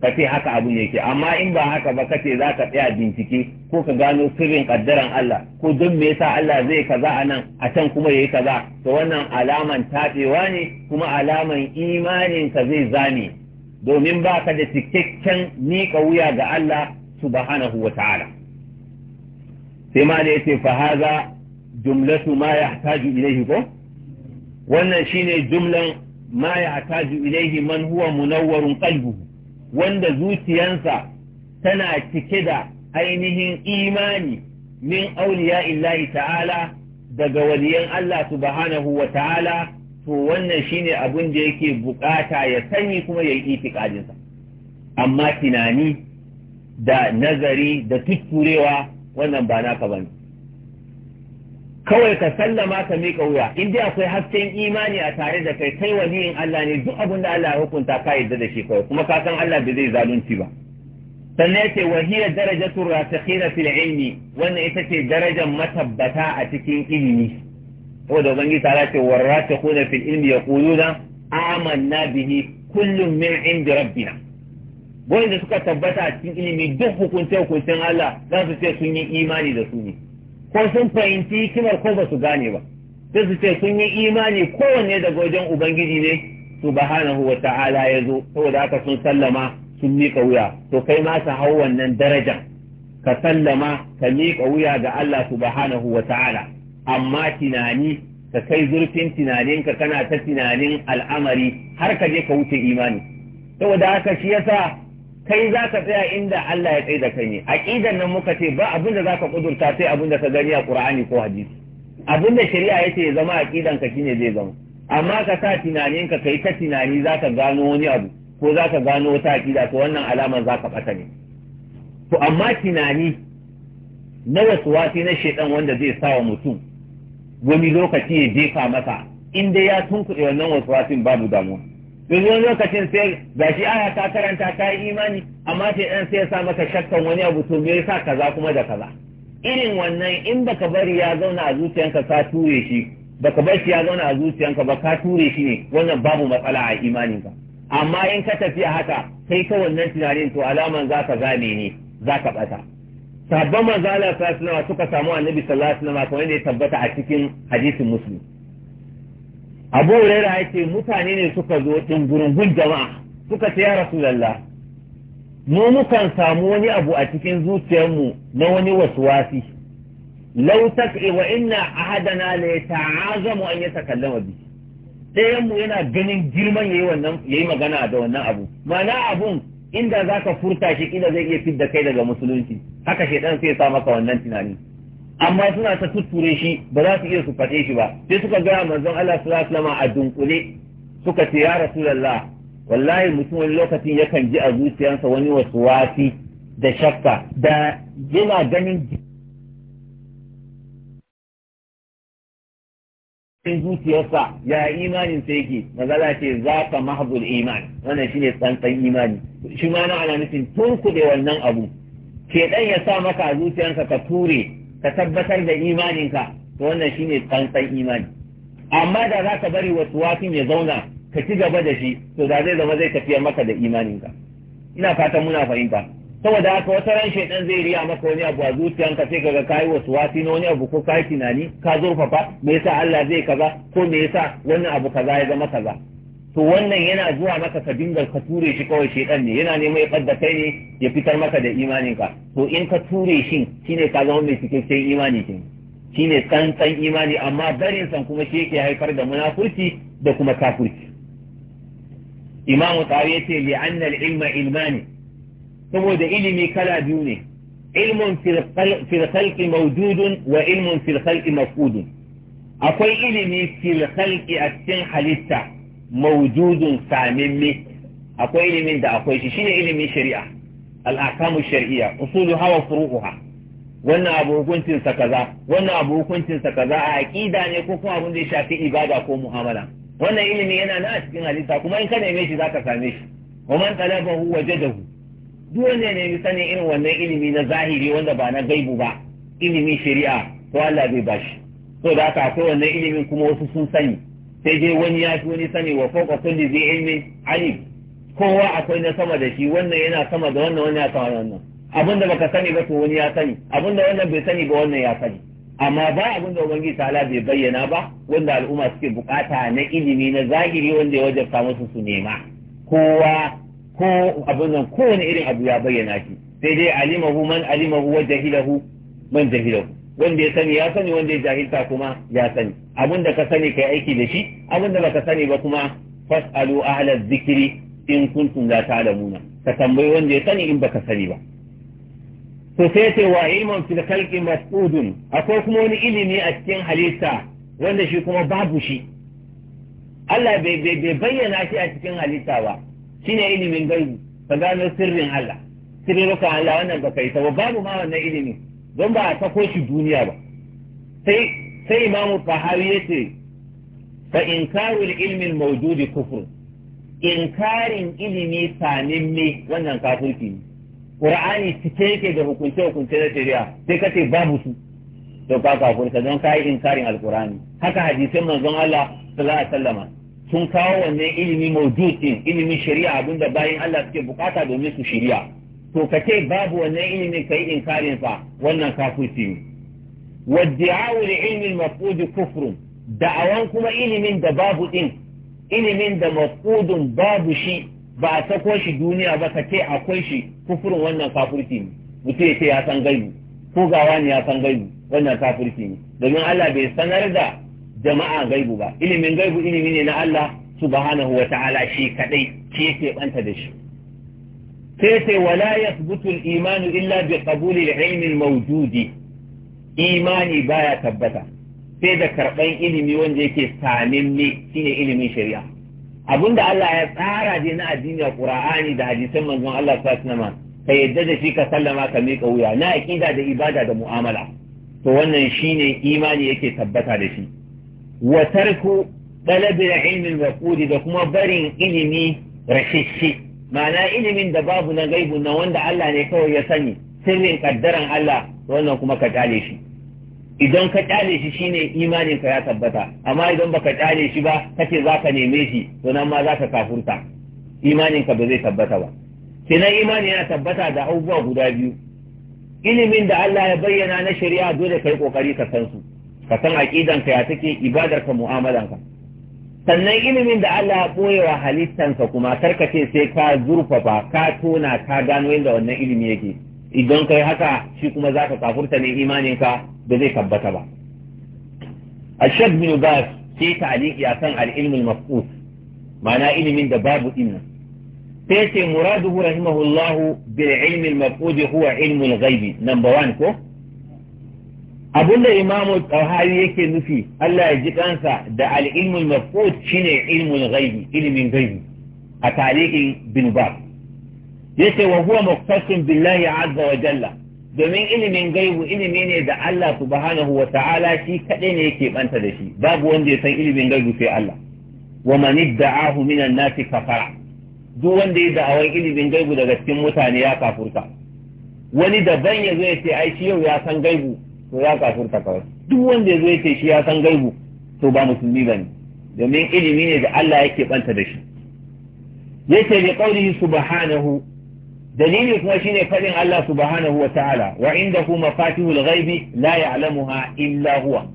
Speaker 1: ka fi haka abin yake amma in ba haka ba kace za ka tsaya bincike ko ka gano sirrin kaddaran Allah ko don me yasa Allah zai kaza a nan a can kuma ya yayi kaza to wannan alaman tabewa ne kuma alaman imanin ka zai zame domin ba ka da cikakken miƙa wuya ga Allah subhanahu wa ta'ala sai ma da yace fa haza jumlatu ma hataju ilaihi ko wannan shine jumlan ma hataju ilaihi man huwa munawwarun qalbuhu wanda zuciyansa tana cike da ainihin imani min auliya illahi ta'ala daga waliyan Allah subhanahu wa ta'ala to wannan shine abin da yake bukata ya sani kuma ya yi itikadinsa amma tunani da nazari da tutturewa wannan ba naka bane kawai ka sallama ka mika wuya in dai akwai hasken imani a tare da kai kai waliyin Allah ne duk abin da Allah ya hukunta ka yarda da shi kawai kuma ka san Allah bai zai zalunci ba sannan yace wa hiya darajatu rasikhina fil ilmi wannan ita ce darajar matabbata a cikin ilimi ko da ubangiji ta ce warasikhuna fil ilmi yaquluna amanna bihi kullum min inda rabbina wani da suka tabbata a cikin ilimi duk hukuncin hukuncen Allah za su ce sun yi imani da su ne ko sun fahimci hikimar ko ba su gane ba sai su ce sun yi imani kowanne daga wajen ubangiji ne Su hana wa ta'ala ya zo saboda haka sun sallama sun miƙa wuya to kai ma su hau wannan daraja ka sallama ka miƙa wuya ga Allah Su hana wa ta'ala amma tunani ka kai zurfin tunaninka kana ta tunanin al'amari har ka je ka wuce imani saboda haka shi yasa kai za ka tsaya inda Allah ya tsaye da kai ne aqidan nan muka ce ba abinda za ka kudurta sai abinda ka gani a Qur'ani ko hadisi abinda shari'a ya ce ya zama aqidan ka shine zai zama amma ka sa tunanin ka kai ta tunani za ka gano wani abu ko za ka gano wata aqida to wannan alamar za ka bata ne to amma tunani na wasuwasi na shedan wanda zai sa wa mutum wani lokaci ya jefa masa in dai ya tunkuɗe wannan wasuwasin babu damuwa domin wani lokacin sai gashi aya ta karanta ta yi imani amma sai ɗan sai ya sa maka shakkan wani abu to me yasa kaza kuma da kaza irin wannan in baka bari ya zauna a zuciyanka ka ture shi baka bar shi ya zauna a zuciyanka ba ka ture shi ne wannan babu matsala a imani ba amma in ka tafi a haka kai ka wannan tunanin to alaman za ka gane ne za ka ɓata sabon manzala sallallahu suka samu annabi sallallahu alaihi wasallam kamar yadda ya tabbata a cikin hadisin muslim abu huraira ya ce mutane ne suka zo ɗin gun jama'a suka ce ya rasu mu mukan samu wani abu a cikin zuciyarmu na wani wasuwasi lau tak'i wa inna ahadana la zama an yatakallama bi biki. mu yana ganin girman ya wannan magana da wannan abu Mana abun inda zaka furta shi kila zai iya fidda kai daga musulunci haka shaidan sai ya sa maka wannan tunani amma suna ta tutture shi ba za su iya su faɗe shi ba sai suka gaya manzon Allah sallallahu alaihi wasallam a dunkule suka ce ya rasulullah wallahi mutum wani lokacin yakan ji a zuciyarsa wani wasu wasi da shakka da yana ganin in zuciyarsa ya imanin sai yake magana ce za ka mahzul iman wannan shine tsantsan imani shi ma na ana nufin tunkuɗe wannan abu ke dan ya sa maka a zuciyarsa ka ture ka tabbatar da imaninka to wannan shine tsantsan imani amma da za ka bari wasu wafin ya zauna ka ci gaba da shi to da zai zama zai tafiyar maka da imaninka ina fatan muna fahimta saboda haka wata ran shaidan zai riya maka wani abu a zuciyanka sai kaga kai wasu wasu na wani abu ko kai tunani ka zurfafa me yasa Allah zai kaza ko me yasa wannan abu kaza ya zama kaza to wannan yana zuwa maka ka dinga ka ture shi kawai shedan ne yana neman ya kadda kai ne ya fitar maka da imaninka to in ka ture shi shine ka zama mai cikakken imani kin shine tsantsan imani amma barin san kuma shi yake haifar da munafurci da kuma kafirci imamu tsari yace li anna ilma ilmani saboda ilimi kala biyu ne ilmun fil khalqi mawjudun wa ilmun fil khalqi mafqudun akwai ilimi fil khalqi a cikin halitta mawujudun samimmi akwai ilimin da akwai shi shine ilimin shari'a alakamu sharia usulu hawa furu'uha wannan abu hukuncin sa kaza wannan abu hukuncin sa kaza a aqida ne ko kuma abin da ya shafi ibada ko mu'amala wannan ilimi yana na a cikin halitta. kuma in ka neme shi zaka same shi wa man talabahu wajadahu duk wanda ya nemi sanin irin wannan ilimi na zahiri wanda ba na gaibu ba ilimin shari'a to Allah zai bashi to da haka akwai wannan ilimin kuma wasu sun sani sai dai wani ya fi wani sani wa fawqa kulli zai ilmi Ali, kowa akwai na sama da shi wannan yana sama da wannan wannan ya sama da wannan da baka sani ba to wani ya sani da wannan bai sani ba wannan ya sani amma ba abin da ubangiji ta'ala bai bayyana ba wanda al'umma suke bukata na ilimi na zahiri wanda ya wajabta musu su nema kowa ko abin nan kowane irin abu ya bayyana shi sai dai alimahu man alimahu wa jahilahu man jahilahu wanda ya sani ya sani wanda ya jahilta kuma ya sani abin da ka sani kai aiki da shi abin da baka sani ba kuma fasalu ahla zikiri in kuntum la ta'lamuna ka tambayi wanda ya sani in baka sani ba to sai ce wa ilmun fil khalqi mas'udun akwai kuma wani ilimi a cikin halitta wanda shi kuma babu shi Allah bai bai bayyana shi a cikin halitta ba shine ilimin gaibi ka gano sirrin Allah ka Allah wannan baka yi ta babu ma wannan ilimin. don ba a sako shi duniya ba sai sai imamu tahawi ya ce fa inkarul ilmin maududi kufur inkarin ilimi sanin me wannan kafirci ne qur'ani cike yake da hukunce hukunce na shari'a sai kace babu su to ka kafirta don kai inkarin alqur'ani haka hadisin manzon Allah sallallahu alaihi wasallama sun kawo wannan ilimi maududi, ilimin shari'a abinda bayin Allah suke bukata domin su shari'a to ka ce babu wannan ilimin ka yi inkarin sa wannan kafirci ne waddi'a'u ilimin ilimin mafqudi kufrun da'awan kuma ilimin da babu din ilimin da mafqudun babu shi ba a sako shi duniya ba ka ce akwai shi kufurin wannan kafirci ne mutum ya ce ya san gaibu ko gawa ne ya san gaibu wannan kafirci ne domin Allah bai sanar da jama'a gaibu ba ilimin gaibu ilimi ne na Allah subhanahu wa ta'ala shi kadai shi yake banta da shi sai ce wala yathbutu al-imanu illa bi qabuli al-ilmi al-mawjudi imani baya tabbata sai da karban ilimi wanda yake sanin ne shine ilimin shari'a abinda Allah ya tsara je na addini a Qur'ani da hadisan manzon Allah sallallahu alaihi wasallam ka yadda da shi ka sallama ka miƙa wuya na aƙida da ibada da mu'amala to wannan shine imani yake tabbata da shi wa tarku talabil ilmin waqudi da kuma barin ilimi rashishi ma'ana ilimin da babu na gaibu na wanda Allah ne kawai ya sani sirrin kaddaran Allah wannan kuma ka kyale shi idan ka kyale shi shine imanin ka ya tabbata amma idan baka kyale shi ba kace zaka neme shi to nan ma zaka kafurta imanin ka ba zai tabbata ba kenan imani yana tabbata da abubuwa guda biyu ilimin da Allah ya bayyana na shari'a dole kai kokari ka san su ka san aqidan ka ya take ibadar ka mu'amalan ka sannan ilimin da Allah ya ɓoyewa halittansa kuma ce sai ka zurfafa ka tona ka gano yadda wannan ilimi yake idan kai haka shi kuma za ka kafurta ne imaninka da zai tabbata ba ashad bin bas sai ta'aliki a al al’ilmin mafus ma'ana ilimin da babu din sai ce muradu rahimahullahu bil ilmi mafus huwa ilmul gaibi number one ko abin da imamu tsohari yake nufi Allah ya ji kansa da al'ilmul mafud shine ilmul ghaibi ilimin ghaibi a tarihin bin ya yace wa huwa muqtasim billahi azza wa jalla domin ilimin gaibu ilimi ne da Allah su subhanahu wa ta'ala shi kaɗai ne yake banta da shi babu wanda ya san ilimin gaibu sai Allah wa da idda'ahu minan nasi kafara duk wanda ya da'awan ilimin gaibu daga cikin mutane ya kafurta wani daban ya zo ya ce ai shi yau ya san gaibu to ya kafirta kawai duk wanda ya zo ya ce shi ya san gaibu to ba musulmi ba ne domin ilimi ne da Allah yake banta da shi yace ne qawlihi subhanahu dalili kuma shine fadin Allah subhanahu wa ta'ala wa indahu al ghaibi la ya'lamuha illa huwa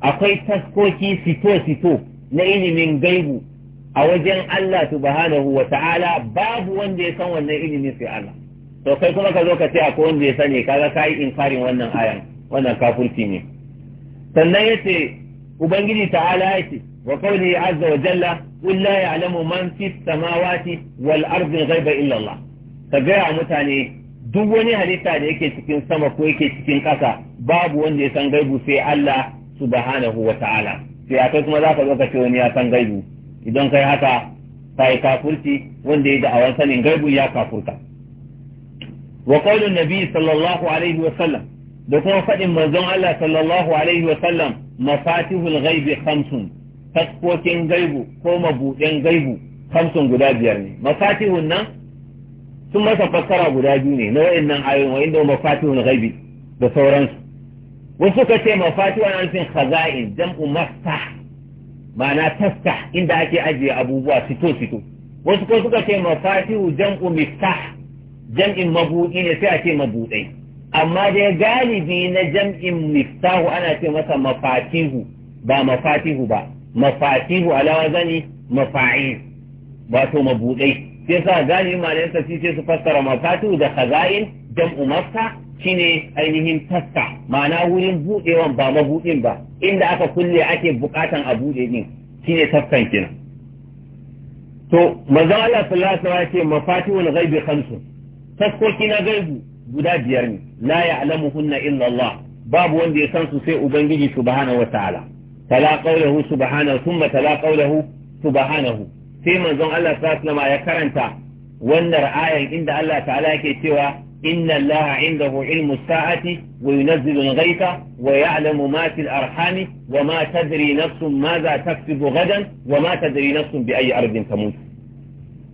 Speaker 1: akwai taskoki fito fito na ilimin gaibu a wajen Allah subhanahu wa ta'ala babu wanda ya san wannan ilimin sai Allah to kai kuma ka zo ka ce akwai wanda ya sani kaga kai inkarin wannan ayan wannan kafirci ne sannan yace ubangiji ta'ala yace wa ya azza wa jalla qul ya alamu man fi samawati wal ardi ghaiba ba illallah. ka gaya mutane duk wani halitta da yake cikin sama ko yake cikin ƙasa babu wanda ya san gaibu sai Allah subhanahu wa ta'ala sai a kai kuma za ka zo ka ce wani ya san gaibu idan kai haka ka yi kafurci wanda ya da awan sanin gaibu ya kafurta wa qaulun nabi sallallahu alaihi wa sallam da kuma faɗin manzon Allah sallallahu alaihi wa sallam mafatihul ghaibi khamsun taskokin gaibu ko mabuɗin gaibu khamsun guda biyar ne mafatihun nan sun masa fassara guda biyu ne na wa'annan ayoyin wa'inda mafatihul ghaibi da sauransu wasu suka ce mafatihun an fin khaza'in jam'u maftah ma'ana taftah inda ake ajiye abubuwa fito fito wasu ko suka ce mafatihu jam'u miftah jam'in mabuɗi ne sai a ce mabuɗai amma dai galibi na jam'in miftahu ana ce masa mafatihu ba mafatihu ba mafatihu alawa zani mafa'il wato mabudai sai sa galibi malayan shi sai su fassara mafatihu da khaza'in jam'u mafta shine ainihin taska ma'ana wurin budewan ba mabudin ba inda aka kulle ake bukatan a bude din shine tafkan kenan to manzo Allah sallallahu alaihi ya ce mafatihul ghaibi khamsun taskoki na gaibu guda biyar ne la ya'lamuhunna illa Allah babu wanda ya san su sai ubangiji subhanahu wataala tala qawluhu subhanahu thumma tala qawluhu subhanahu sai manzon Allah sallallahu ya karanta wannan ayar inda Allah ta'ala yake cewa inna Allah indahu ilmu sa'ati wa yunazzilu al-ghaytha wa ya'lamu ma fil arhami wa ma tadri nafsun ma za gadan wa ma tadri nafsun bi ayi ardin tamut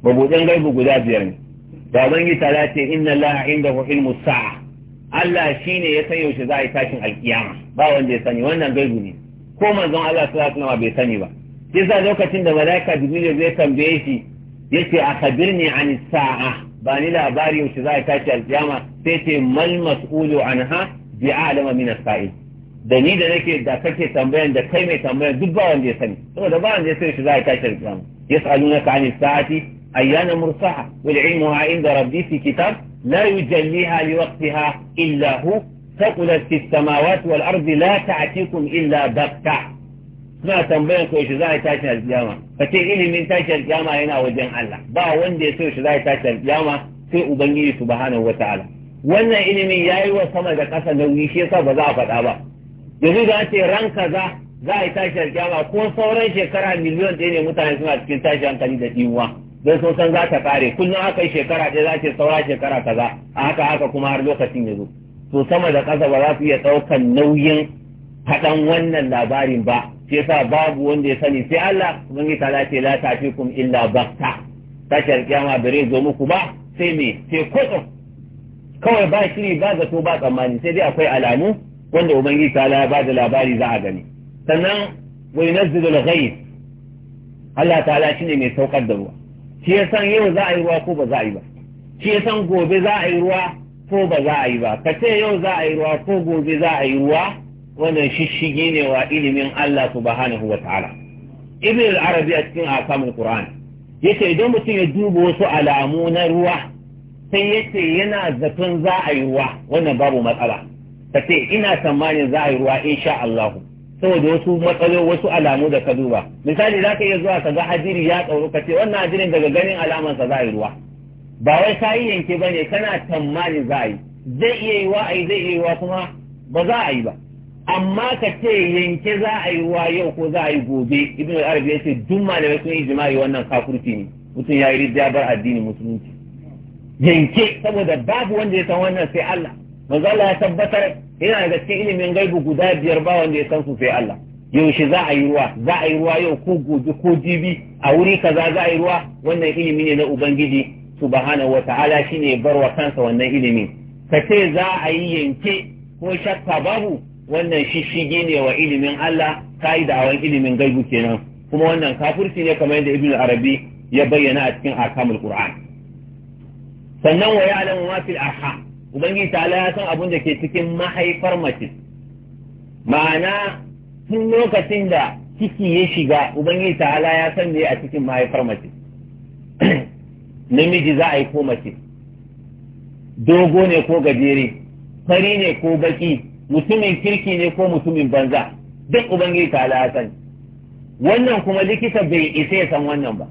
Speaker 1: babu dan gaibu guda biyar ne da ubangiji ta ce inna allaha indahu ilmu sa'a Allah shine ya san yaushe za a yi tashin alkiyama ba wanda ya sani wannan gaibu ne ko manzon Allah sallallahu alaihi bai sani ba yasa lokacin da malaika jibril zai tambaye shi yace akhbirni an sa'a ba ni labari yaushe za a yi tashi alkiyama sai ce mal mas'ulu anha bi a'lama min as-sa'il da ni da nake da kake tambayan da kai mai tambayan duk ba wanda ya sani saboda ba wanda ya sani yaushe za a yi tashi alkiyama ni sa'a sa'ati أيان مرتاحة والعلم عند ربي في كتاب لا يجليها لوقتها إلا هو تقلت في السماوات والأرض لا تعتيكم إلا بكة ما تنبينك وشزاء تاشر الجامعة فتقل من تاشر الجامعة هنا وجن الله باع وندي سوى شزاء تاشر الجامعة في أبنيه سبحانه وتعالى وانا إلمي ياي وصمى ذا قصة نويشي صبا ذا فتابا يقول أنت رنك ذا ذا تاشر الجامعة كون صورا شكرا مليون تيني متعنى سمع تاشر الجامعة don sun san za ta kare kullum aka yi shekara ɗaya za ce saura shekara kaza a haka haka kuma har lokacin ya zo to sama da ƙasa ba za su iya ɗaukan nauyin faɗan wannan labarin ba shi yasa babu wanda ya sani sai Allah yi ta ce la kum illa bakta tashar kiyama bare zo muku ba sai me sai kwatsam kawai ba shiri ba zato ba tsammani sai dai akwai alamu wanda ubangiji ta ya ba da labari za a gani sannan wai nazzilul ghaib Allah ta'ala shine mai saukar da ruwa shi ya san yau za a yi ruwa ko ba za a yi ba shi ya san gobe za a yi ruwa ko ba za a yi ba ka ce yau za a yi ruwa ko gobe za a yi ruwa wannan shishigi ne wa ilimin Allah subhanahu wa ta'ala ibn al-arabi a cikin akamul qur'an yace idan mutum ya duba wasu alamu na ruwa sai yace yana zaton za a yi ruwa wannan babu matsala ka ce ina tsammanin za a yi ruwa insha Allahu. saboda wasu matsalo wasu alamu da ka duba misali za ka iya zuwa ka ga hadiri ya tsoro ka ce wannan hadirin daga ganin alamansa za a yi ruwa ba wai ka yi yanke ba ne kana tsammanin za a yi zai iya yi wa a zai iya yi wa kuma ba za a yi ba amma ka ce yanke za a yi wa yau ko za a yi gobe ibn arabi ya ce duk malamai sun yi jima'i wannan kafurci ne mutum ya yi ridda bar addinin musulunci yanke saboda babu wanda ya san wannan sai Allah manzo Allah ya tabbatar yana da cikin ilimin gaibu guda biyar ba wanda ya san su sai Allah yaushe za a yi ruwa za a yi ruwa yau ko gobe ko jibi a wuri kaza za a yi ruwa wannan ilimi ne na ubangiji subhanahu wata'ala shine barwa kansa wannan ilimi ka ce za a yi yanke ko shakka babu wannan shishige ne wa ilimin Allah kai da awan ilimin gaibu kenan kuma wannan kafirci ne kamar yadda ibnu arabi ya bayyana a cikin akamul qur'an sannan wa ya'lamu ma fil arham ubangiji ta ya san abin da ke cikin mahaifar mace ma'ana tun lokacin da ciki ya shiga ubangiji ta ya san me a cikin mahaifar mace namiji za a yi ko mace dogo ne ko gajere fari ne ko baki mutumin kirki ne ko mutumin banza duk ubangiji ta ya san wannan kuma likita bai isa ya san wannan ba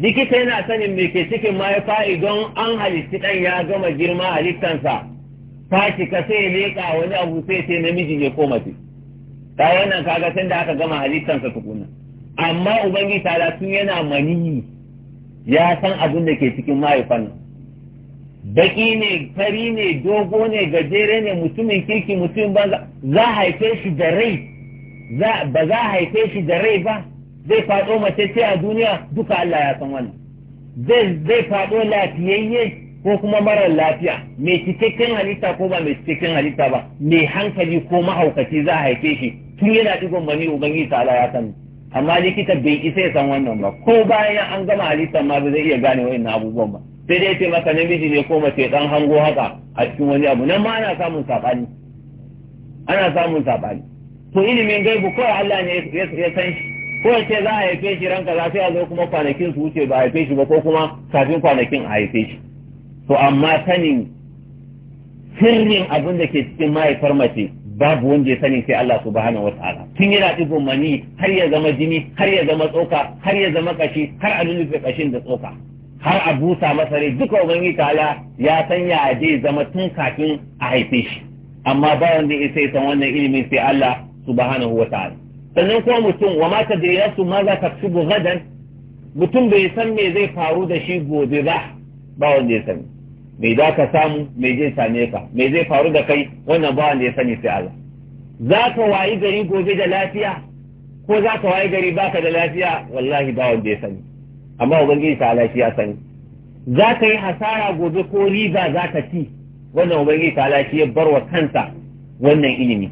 Speaker 1: likita yana sanin me ke cikin mahaifa idan an halitti ɗan ya gama girma halittansa ta cika sai leƙa wani abu sai sai namiji ne ko mace ta wannan kaga sanda da aka gama halittansa tukuna amma ubangi tara tun yana mani ya san abin da ke cikin mahaifan baki ne fari ne dogo ne gajere ne mutumin kirki mutumin banza za haife shi da rai ba za haife shi da rai ba zai faɗo mace ce a duniya duka Allah ya san wannan zai zai faɗo lafiyayye ko kuma mara lafiya mai cikakken halitta ko ba mai cikakken halitta ba mai hankali ko mahaukaci za a haife shi tun yana digon bani ubangiji ta Allah ya san amma likita bai isa ya san wannan ba ko bayan an gama halittar ma zai iya gane wa'annan abubuwan ba sai dai ce maka namiji ne ko mace dan hango haka a cikin wani abu nan ma ana samun saɓani ana samun saɓani to ilimin gaibu kawai Allah ne ya san shi ko za a haife shi ranka za sai a zo kuma kwanakin su wuce ba a haife shi ba ko kuma kafin kwanakin a haife shi to amma sanin sirrin abin da ke cikin mahaifar mace babu wanda ya sani sai Allah subhanahu wataala tun yana digon mani har ya zama jini har ya zama tsoka har ya zama kashi har a lullufe kashin da tsoka har a busa masa rai duka ubangiji ta'ala ya san ya je zama tun kafin a haife shi amma ba wanda ya sai san wannan ilimin sai Allah subhanahu wataala sannan kuma mutum wa mata da ya su za ka ci gadan mutum bai san me zai faru da shi gobe ba ba wanda ya sani me za ka samu me zai same ka me zai faru da kai wannan ba wanda ya sani sai Allah za ka wayi gari gobe da lafiya ko za ka wayi gari baka da lafiya wallahi ba wanda ya sani amma ubangiji ta lafiya sani za ka yi hasara gobe ko riba za ka ci wannan ubangiji ta lafiya barwa kansa wannan ilimi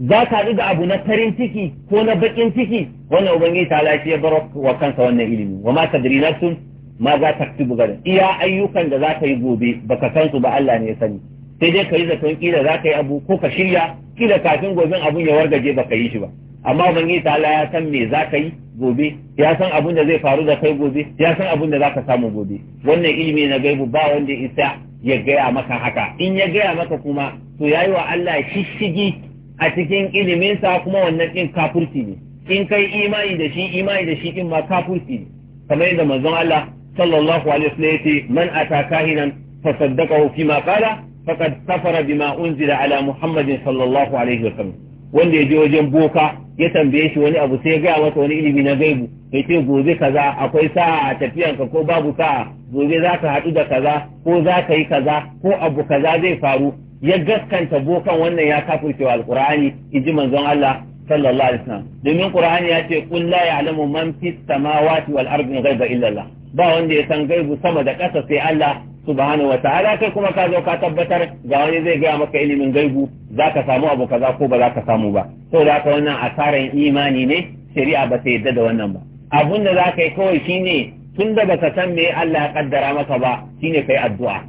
Speaker 1: za ka da abu na farin ciki ko na baƙin ciki wannan ubangiji ta lafi ya baro wa kansa wannan ilimi wa ma tadri nafsun ma za ta tubu iya ayyukan da za ka yi gobe baka san su ba Allah ne ya sani sai dai ka yi zaton kila za ka yi abu ko ka shirya kila kafin goben abun ya wargaje ba ka yi shi ba amma ubangiji ta ya san me za ka yi gobe ya san abun da zai faru da kai gobe ya san abun da za ka samu gobe wannan ilimi na gaibu ba wanda isa ya gaya maka haka in ya gaya maka kuma to yayi wa Allah shishigi a cikin iliminsa kuma wannan ɗin kafurci ne in kai imani da shi imani da shi ɗin ma kafurci ne kamar yadda manzon Allah sallallahu alaihi wasallam yace man ata kahinan fa saddaqahu fima qala faqad kafara bima unzila ala muhammadin sallallahu alaihi wasallam wanda ya je wajen boka ya tambaye shi wani abu sai ya gaya masa wani ilimi na gaibu ya ce gobe kaza akwai sa'a a tafiyanka ko babu sa'a gobe za ka haɗu da kaza ko za ka yi kaza ko abu kaza zai faru ya gaskanta bokan wannan ya kafircewa alqur'ani inji manzon Allah sallallahu alaihi wasallam domin qur'ani ya ce ƙulla la ya'lamu man fis samawati wal ardi ghaiba illa Allah ba wanda ya san gaibu sama da ƙasa sai Allah subhanahu wataala kai kuma ka zo ka tabbatar ga wani zai gaya maka ilimin gaibu zaka samu abu kaza ko ba ka samu ba da haka wannan asaran imani ne shari'a ba ta yadda da wannan ba abun da ka yi kawai shine tun da baka san me Allah ya kaddara maka ba shine kai addu'a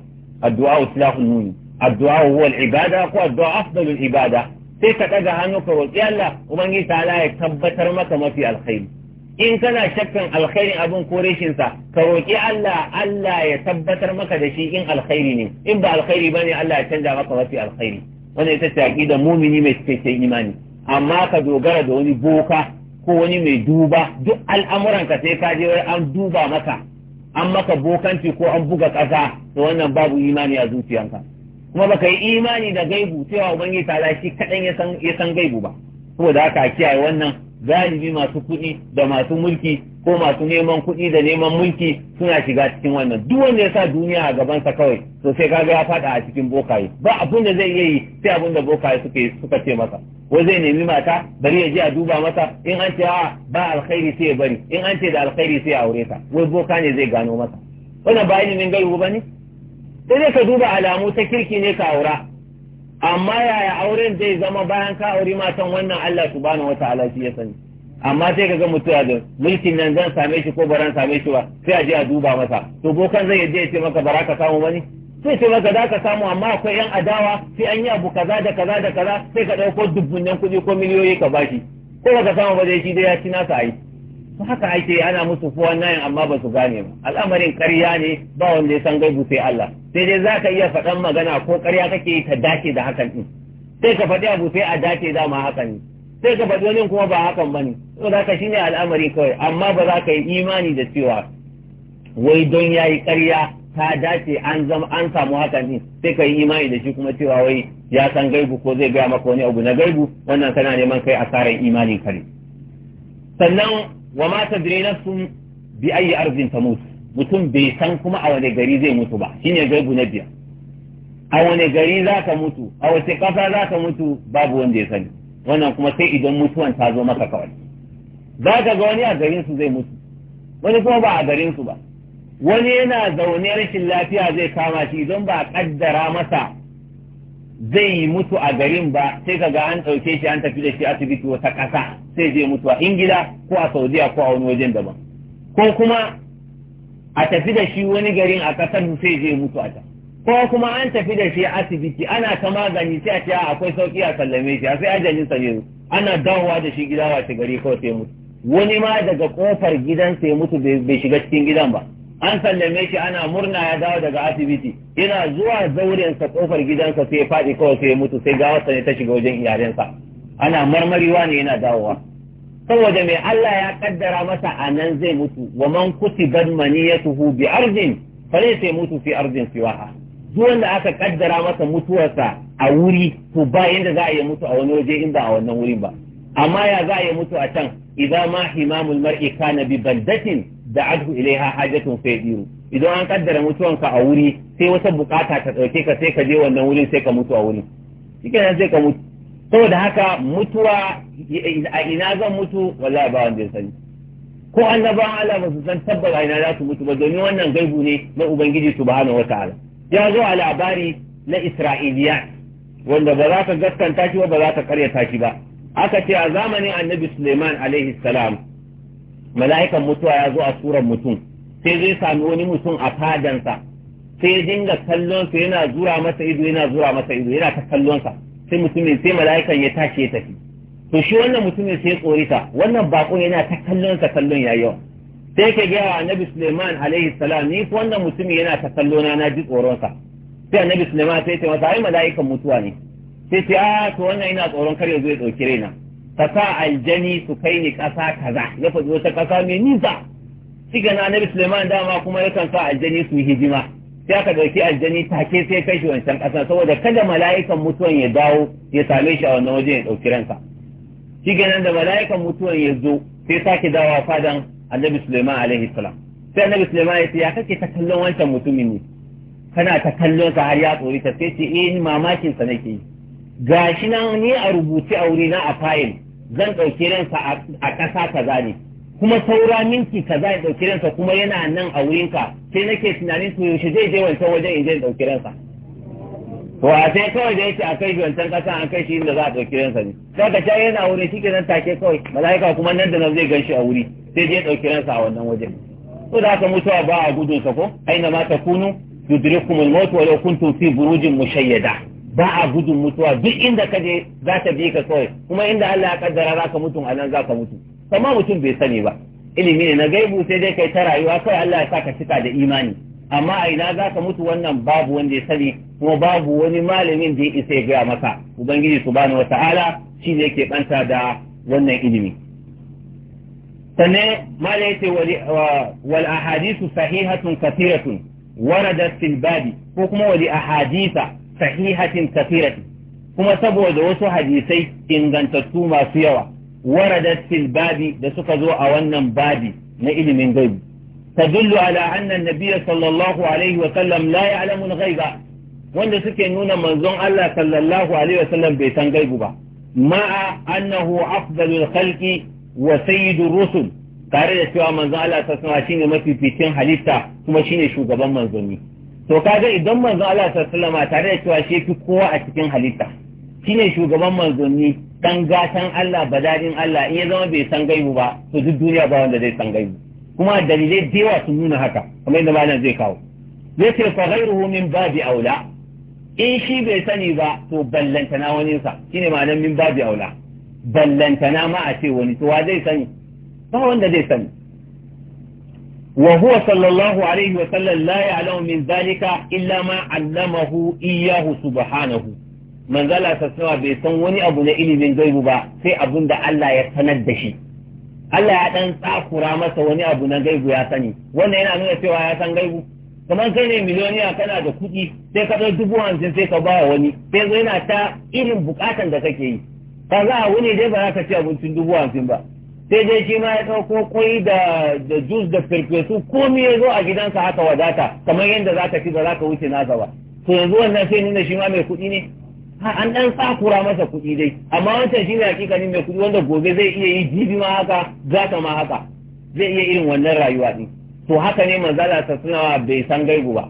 Speaker 1: addu'a uslahun nuni addu'a huwa ibada ko addu'a afdalul ibada sai ka ɗaga hannu ka roƙi Allah ubangiji ta ya tabbatar maka mafi alkhairi in kana shakkan alkhairin abin ko sa ka roƙi Allah Allah ya tabbatar maka da shi in alkhairi ne in ba alkhairi bane Allah ya canja maka mafi alkhairi wannan ita ce aqida mumini mai cikakken imani amma ka dogara da wani boka ko wani mai duba duk al'amuran ka sai ka je an duba maka an maka bokanci ko an buga ƙasa to wannan babu imani a zuciyanka kuma baka yi imani da gaibu cewa ubangiji ta shi kaɗan ya san ya san gaibu ba saboda haka a kiyaye wannan galibi masu kuɗi da masu mulki ko masu neman kuɗi da neman mulki suna shiga cikin wannan duk wanda ya sa duniya a gabansa kawai to sai kaga ya faɗa a cikin bokaye ba abin da zai iya yi sai abin da bokaye suke suka ce masa wai zai nemi mata bari ya je a duba masa in an ce a ba alkhairi sai ya bari in an ce da alkhairi sai ya aure ta wai boka ne zai gano masa wannan ba ilimin gaibu ba ne sai dai ka duba alamu ta kirki ne ka aura amma yaya auren zai zama bayan ka auri matan wannan Allah subhanahu ta'ala shi ya sani amma sai ka ga mutum ya mulkin nan zan same shi ko baran same shi ba sai a je a duba masa to bokan zai je ya ce maka bara ka samu wani sai ce maka za ka samu amma akwai yan adawa sai an yi abu kaza da kaza da kaza sai ka ɗauko dubbunan kuɗi ko miliyoyi ka bashi ko ba ka samu ba zai shi dai ya ci nasa a yi haka ake ana musu kowa nayin amma ba su gane ba al'amarin karya ne ba wanda ya san gaibu sai Allah sai dai za ka iya faɗan magana ko karya kake yi ta dace da hakan ɗin sai ka faɗi abu sai a dace dama hakan ne sai ka faɗi wani kuma ba hakan ba ne to za ka shi ne al'amari kawai amma ba za ka yi imani da cewa wai don ya yi karya ta dace an zama an samu hakan ɗin sai ka yi imani da shi kuma cewa wai ya san gaibu ko zai gaya maka wani abu na gaibu wannan kana neman kai asarar imanin kare sannan wa ma tadri nafsun bi ayi tamut mutum bai san kuma a wane gari zai mutu ba shine gaibu na biya. a wani gari za ka mutu a wace kasa za ka mutu babu wanda ya sani wannan kuma sai idan mutuwan ta zo maka kawai za ka ga wani a garin su zai mutu wani kuma ba a garin su ba wani yana zaune rashin lafiya zai kama shi idan ba a kaddara masa zai yi mutu a garin ba sai kaga an ɗauke shi an tafi da shi asibiti wata ƙasa sai zai mutu a ingila ko a saudiya ko a wani wajen daban ko kuma a tafi da shi wani garin a ƙasar sai zai mutu a ta ko kuma an tafi da shi asibiti ana ta magani sai a cewa akwai sauƙi a sallame shi sai ajalin sa ne ana dawowa da shi gida wace gari kawai sai mutu wani ma daga kofar gidan sai mutu bai shiga cikin gidan ba an sallame shi ana murna ya dawo daga asibiti yana zuwa zaurensa kofar gidansa sai ya faɗi kawai sai ya mutu sai ga gawarsa ne ta shiga wajen iyalensa ana marmariwa ne yana dawowa saboda mai Allah ya kaddara masa a nan zai mutu wa man kutibat maniyatuhu bi ardin fare sai mutu fi ardin siwaha duk wanda aka kaddara masa mutuwarsa a wuri to ba inda za a yi mutu a wani waje in ba a wannan wurin ba amma ya za a yi mutu a can idan ma himamul mar'i kana bi baldatin da adhu ilaiha hajatun fa yadiru idan an kaddara mutuwanka a wuri sai wata bukata ta dauke ka sai ka je wannan wurin sai ka mutu a wurin nan sai ka mutu saboda haka mutuwa a ina zan mutu wallahi ba wanda ya sani ko annabawan Allah ba su san tabbas a ina za su mutu ba domin wannan gaibu ne na ubangiji subhanahu wataala ya zo a labari na isra'iliya wanda ba za ka gaskanta shi ba ba za ka karyata shi ba aka ce a zamanin annabi suleiman alaihi salam mala'ikan mutuwa ya zo a surar mutum sai zai sami wani mutum a fadansa sai ya dinga kallon sa yana zura masa ido yana zura masa ido yana ta kallon sa sai mutumin sai mala'ikan ya tashi ya tafi to shi wannan mutumin sai ya tsorita wannan bako yana ta kallon sa kallon yayi yawa sai ke gaya wa annabi Suleiman alaihi salam ni wannan mutumin yana ta kallona na ji tsoron sa sai annabi Suleiman sai ya ce masa ai mala'ikan mutuwa ne sai ce a ah, to wannan ina tsoron kar ya zo ya dauki raina ka sa aljani su kai ni ƙasa kaza ya faɗi wata ƙasa mai nisa siga na annabi Suleiman dama kuma ya kan sa aljani su yi hijima sai aka ɗauki aljani take sai kai shi wancan ƙasa saboda kada mala'ikan mutuwan ya dawo ya same shi a wannan waje ya ɗauki ransa siga nan da mala'ikan mutuwan ya zo sai sake dawowa fadan annabi Suleiman alaihi salam sai annabi Suleiman ya ce ya kake ta kallon wancan mutumin ne kana ta kallon sa har ya tsori ta sai ce eh ni mamakin sa nake yi gashi nan ni a rubuce a wurina a fayil zan ɗauki ransa a ƙasa kaza ne kuma saura minti kaza ya ɗauki ransa kuma yana nan a wurinka sai nake tunanin su yaushe zai je wancan wajen in zai ɗauki ransa to a sai kawai da yake a kai shi wancan ƙasa an kai shi inda za a ɗauki ransa ne sai ka can yana wuri shi ke nan take kawai mala'ika kuma nan da nan zai gan shi a wuri sai je ɗauki ransa a wannan wajen ko da haka mutuwa ba a gudun sako. ko aina ma takunu yudrikumul maut wa law kuntum fi burujin mushayyada ba a gudun mutuwa duk inda ka je za ta bi ka kawai kuma inda Allah ya kaddara za ka mutu anan za ka mutu kamar mutum bai sani ba ilimi ne na gaibu sai dai kai ta rayuwa kawai Allah ya sa ka cika da imani amma a ina za ka mutu wannan babu wanda ya sani kuma babu wani malamin da ya isa ya gaya maka ubangiji subhanahu wata'ala shi ne yake banta da wannan ilimi sannan malai yace wal ahadithu sahihatun kathiratun waradat fil babi ko kuma wali ahaditha sahihatin kathiratin kuma saboda wasu hadisai ingantattu masu yawa waradat fil babi da suka zo a wannan babi na ilimin gaibi tadullu ala anna an-nabiy sallallahu alaihi wa sallam la ya'lamu al-ghaiba wanda suke nuna manzon Allah sallallahu alaihi wa sallam bai san gaibu ba ma'a annahu afdalul khalqi wa sayyidur rusul tare da cewa manzon Allah sallallahu alaihi wa sallam mafificin halitta kuma shine shugaban manzanni to kaga idan manzo Allah sallama tare da cewa shi fi kowa a cikin halitta shine shugaban manzonni dan gatan Allah badadin Allah in ya zama bai san gaibu ba to duk duniya ba wanda zai san gaibu kuma dalilai da yawa sun nuna haka kamar yadda malam zai kawo zai ce fa ghayruhu min babi aula in shi bai sani ba to ballantana wani sa shine ma'anar min babi aula ballantana ma a ce wani to wa zai sani ba wanda zai sani wa huwa sallallahu alaihi wa sallam la ya'lamu min zalika illa ma 'allamahu iyyahu subhanahu manzala ta cewa bai san wani abu na ilimin gaibu ba sai abun da Allah ya sanar da shi Allah ya dan tsakura masa wani abu na gaibu ya sani wannan yana nuna cewa ya san gaibu kamar sai ne miliyoniya kana da kuɗi sai ka ɗau dubu hamsin sai ka ba wani sai yana ta irin bukatan da kake yi Kaza wani a wuni dai ba za ka ci abincin dubu hamsin ba sai dai shi ma ya ɗauko kwai da da jus da firfesu komai ya zo a gidansa haka wadata kamar yadda za ka fi ba za ka wuce nasa ba to yanzu wannan sai nuna shi ma mai kuɗi ne ha an ɗan tsakura masa kuɗi dai amma wancan shi ne hakikanin mai kuɗi wanda gobe zai iya yi jibi ma haka gata ma haka zai iya irin wannan rayuwa ɗin to haka ne manzala ta sunawa bai san gaibu ba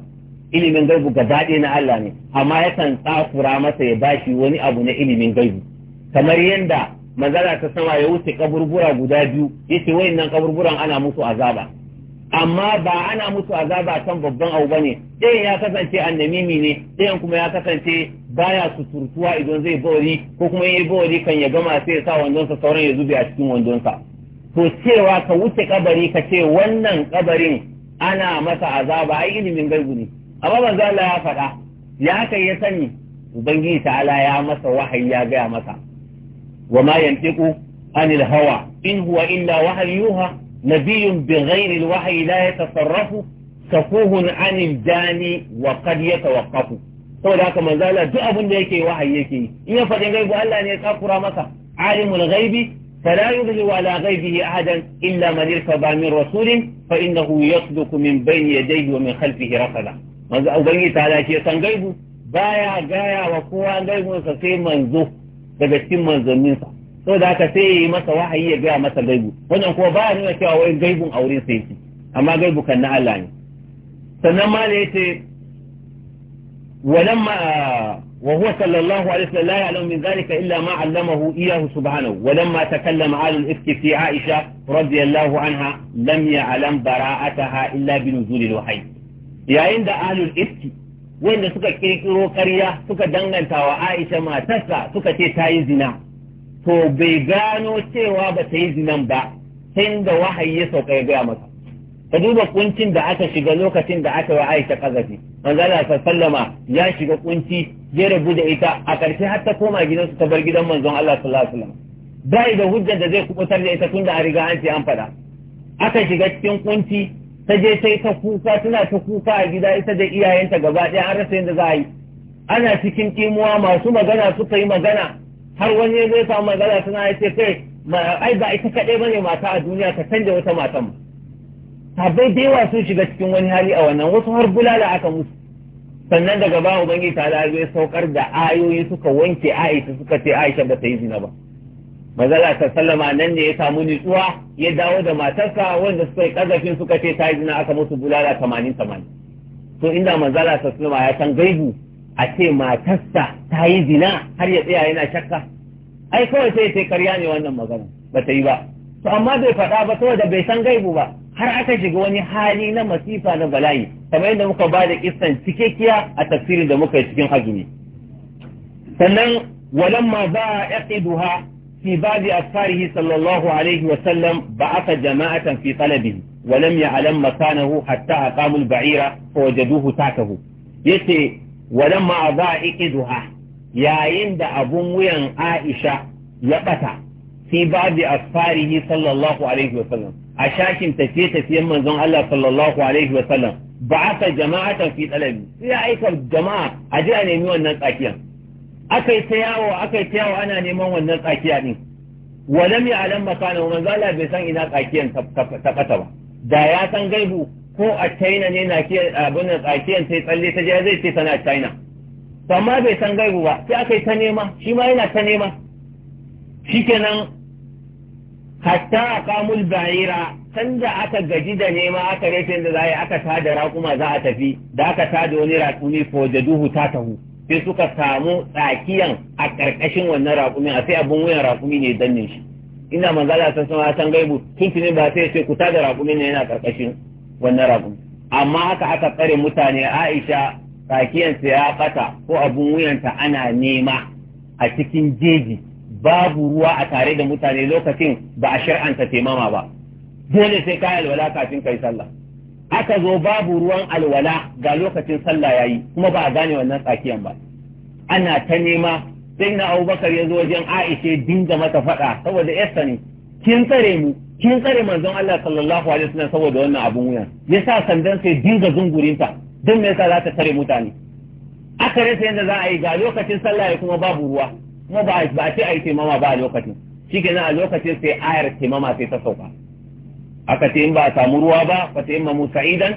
Speaker 1: ilimin gaibu ga daɗi na Allah ne amma yakan tsakura masa ya bashi wani abu na ilimin gaibu kamar yadda manzala ta sama ya wuce kaburbura guda biyu yace nan kaburburan ana musu azaba amma ba ana musu azaba kan babban abu bane ɗayan ya kasance annamimi ne ɗayan kuma ya kasance baya suturtuwa idan zai bori ko kuma yi bori kan ya gama sai ya sa wandonsa sauran ya zube a cikin wandonsa to cewa ka wuce kabari ka ce wannan kabarin ana masa azaba ai ilimin gaibu ne amma Manzala ya faɗa ya kai ya sani ubangiji ta'ala ya masa wahayi ya gaya masa وما ينطق عن الهوى إن هو إلا وحيها نبي بغير الوحي لا يتصرف سفوه عن الجاني وقد يتوقف فولا كما زال دعب ليك وحي ليك إن فقه غيب ألا أن يتأكر مكة عالم الغيب فلا يبلغ على غيبه أحدا إلا من ارتضى من رسول فإنه يصدق من بين يديه ومن خلفه رقلا أو بني تعالى كي بايا غايا وكوان غيب سكيم من daga cikin manzanninsa so da haka sai ya yi masa wahayi ya gaya masa gaibu wannan kuma ba nuna cewa wai gaibun a sai sai amma gaibu kan na Allah ne sannan ma da yace walamma wa huwa sallallahu alaihi wasallam la ya'lamu min zalika illa ma 'allamahu iyyahu subhanahu walamma takallama 'ala al-ifki fi Aisha radiyallahu anha lam ya'lam bara'ataha illa bi nuzulil wahyi yayin da ahlul ifki wanda suka kirkiro karya suka danganta wa Aisha matarsa suka ce ta yi zina to bai gano cewa ba ta yi zinan ba sai da wahayi ya sauka ya gaya masa ka duba kuncin da aka shiga lokacin da aka wa Aisha kazafi manzala sallama ya shiga kunci ya rabu da ita a ƙarshe har ta koma gidansu ta bar gidan manzon Allah sallallahu alaihi wasallam bai da hujjar da zai kubutar da ita tunda a riga an ce an faɗa aka shiga cikin kunci ta je ta ta kuka tana ta kuka a gida ita da iyayenta gaba ɗaya an rasa yadda za a yi ana cikin kimuwa masu magana suka yi magana har wani zai samu magana tana ya ce kai ai ba ita kaɗai ba ne mata a duniya ka canja wata matan ba. bai da yawa sun shiga cikin wani hali a wannan wasu har bulala aka musu sannan daga ba ubangiji ta zai saukar da ayoyi suka wanke aisha suka ce aisha ba ta yi zina ba manzala ta sallama nan ne ya samu nutsuwa ya dawo da matarsa wanda suka yi kazafin suka ce ta zina aka musu bulala tamanin tamanin to inda manzala ta sallama ya san gaibu a ce matarsa ta yi zina har ya tsaya yana shakka ai kawai sai karya ne wannan magana ba ta yi ba to amma bai faɗa ba saboda bai san gaibu ba har aka shiga wani hali na masifa na bala'i kamar yadda muka ba da kistan cikekkiya a tafsirin da muka yi cikin hajji ne. sannan walamma ba ya duha في بعض أفكاره صلى الله عليه وسلم بعث جماعة في طلبه ولم يعلم مكانه حتى أقاموا البعيرة فوجدوه تاكه يتي ولما أضاع إكدها يا يند أبو ويان عائشة يبتع في بعض أفكاره صلى الله عليه وسلم أشاكم تفيت في من زن الله صلى الله عليه وسلم بعث جماعة في طلبه يا أيها الجماعة أجرأني من الناس أكيان aka yi ta yawo aka yi ta yawo ana neman wannan tsakiya din walam ya alam makana wa manzala bai san ina tsakiyan ta kasa ba da ya san gaibu ko a China ne na kiyan abin tsakiyan sai tsalle ta je zai ce tana China amma bai san gaibu ba sai aka yi ta nema shi ma yana ta nema shikenan hatta kamul ba'ira sanda aka gaji da nema aka rufe da za a yi aka tada raƙuma za a tafi da aka tada wani raƙumi ko da duhu ta tahu sai suka samu tsakiyan a ƙarƙashin wannan raƙumin a sai abin wuyan raƙumi ne danne shi ina manzala san sama san gaibu tuntuni ba sai ce kuta da raƙumin ne yana ƙarƙashin wannan raƙumi amma haka aka tsare mutane Aisha tsakiyansa ya ɓata ko abin wuyanta ana nema a cikin jeji babu ruwa a tare da mutane lokacin ba a shar'anta taimama ba dole sai ka alwala kafin kai sallah aka zo babu ruwan alwala ga lokacin sallah yayi kuma ba a gane wannan tsakiyan ba ana ta nema sai na abubakar ya zo wajen aisha dinga mata faɗa saboda yasta ne kin tsare mu kin tsare manzon Allah sallallahu alaihi wasallam saboda wannan abun wuyan yasa sandan sai dinga zungurinta don me yasa za ta tare mutane aka rasa yadda za a yi ga lokacin sallah kuma babu ruwa kuma ba a ce a yi taimama ba a lokacin shi a lokacin sai ayar taimama sai ta sauka aka ce in ba a samu ruwa ba fa ta sayi musa'idan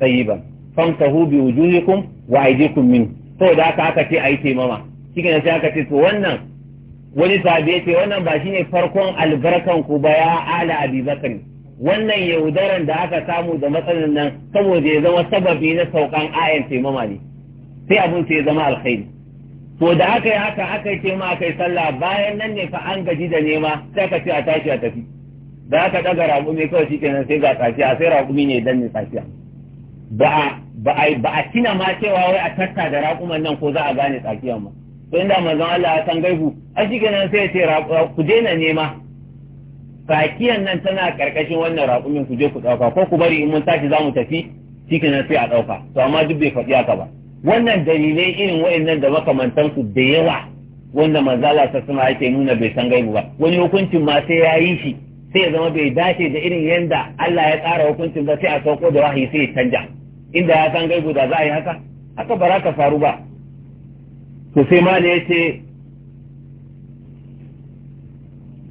Speaker 1: tayyiban famsahu bi wujuhikum wa aydikum min saboda haka aka ce taimama shikenan sai aka ce to wannan wani sabi ya ce wannan ba shine farkon albarkan ku ba ya ala abi bakari wannan yaudaran da aka samu da matsalar nan saboda ya zama sababi na saukan ayan taimama ne sai abin sai ya zama alkhairi to da aka yi haka aka yi taimama aka yi sallah bayan nan ne fa an gaji da nema sai aka ce a tashi a tafi da aka daga raƙumi kawai shi kenan sai ga tsakiya sai raƙumi ne dan ne tsakiya ba a ba a ma cewa wai a tatta da rakuman nan ko za a gane tsakiyan ma to inda manzon Allah ya san gaibu a shi kenan sai ce ku daina nema tsakiyan nan tana karkashin wannan rakumin ku je ku ɗauka ko ku bari in mun tashi za mu tafi shi kenan sai a ɗauka to amma duk bai faɗi haka ba wannan dalilai irin wa'annan da makamantansu da yawa wanda manzala ta suna yake nuna bai san gaibu ba wani hukuncin ma sai ya yi shi sai ya zama bai dace da irin yanda Allah ya tsara hukuncin ba sai a sauko da wahayi sai ya canja inda ya san gaibu da za a yi haka haka ba za ka faru ba to sai ma ya ce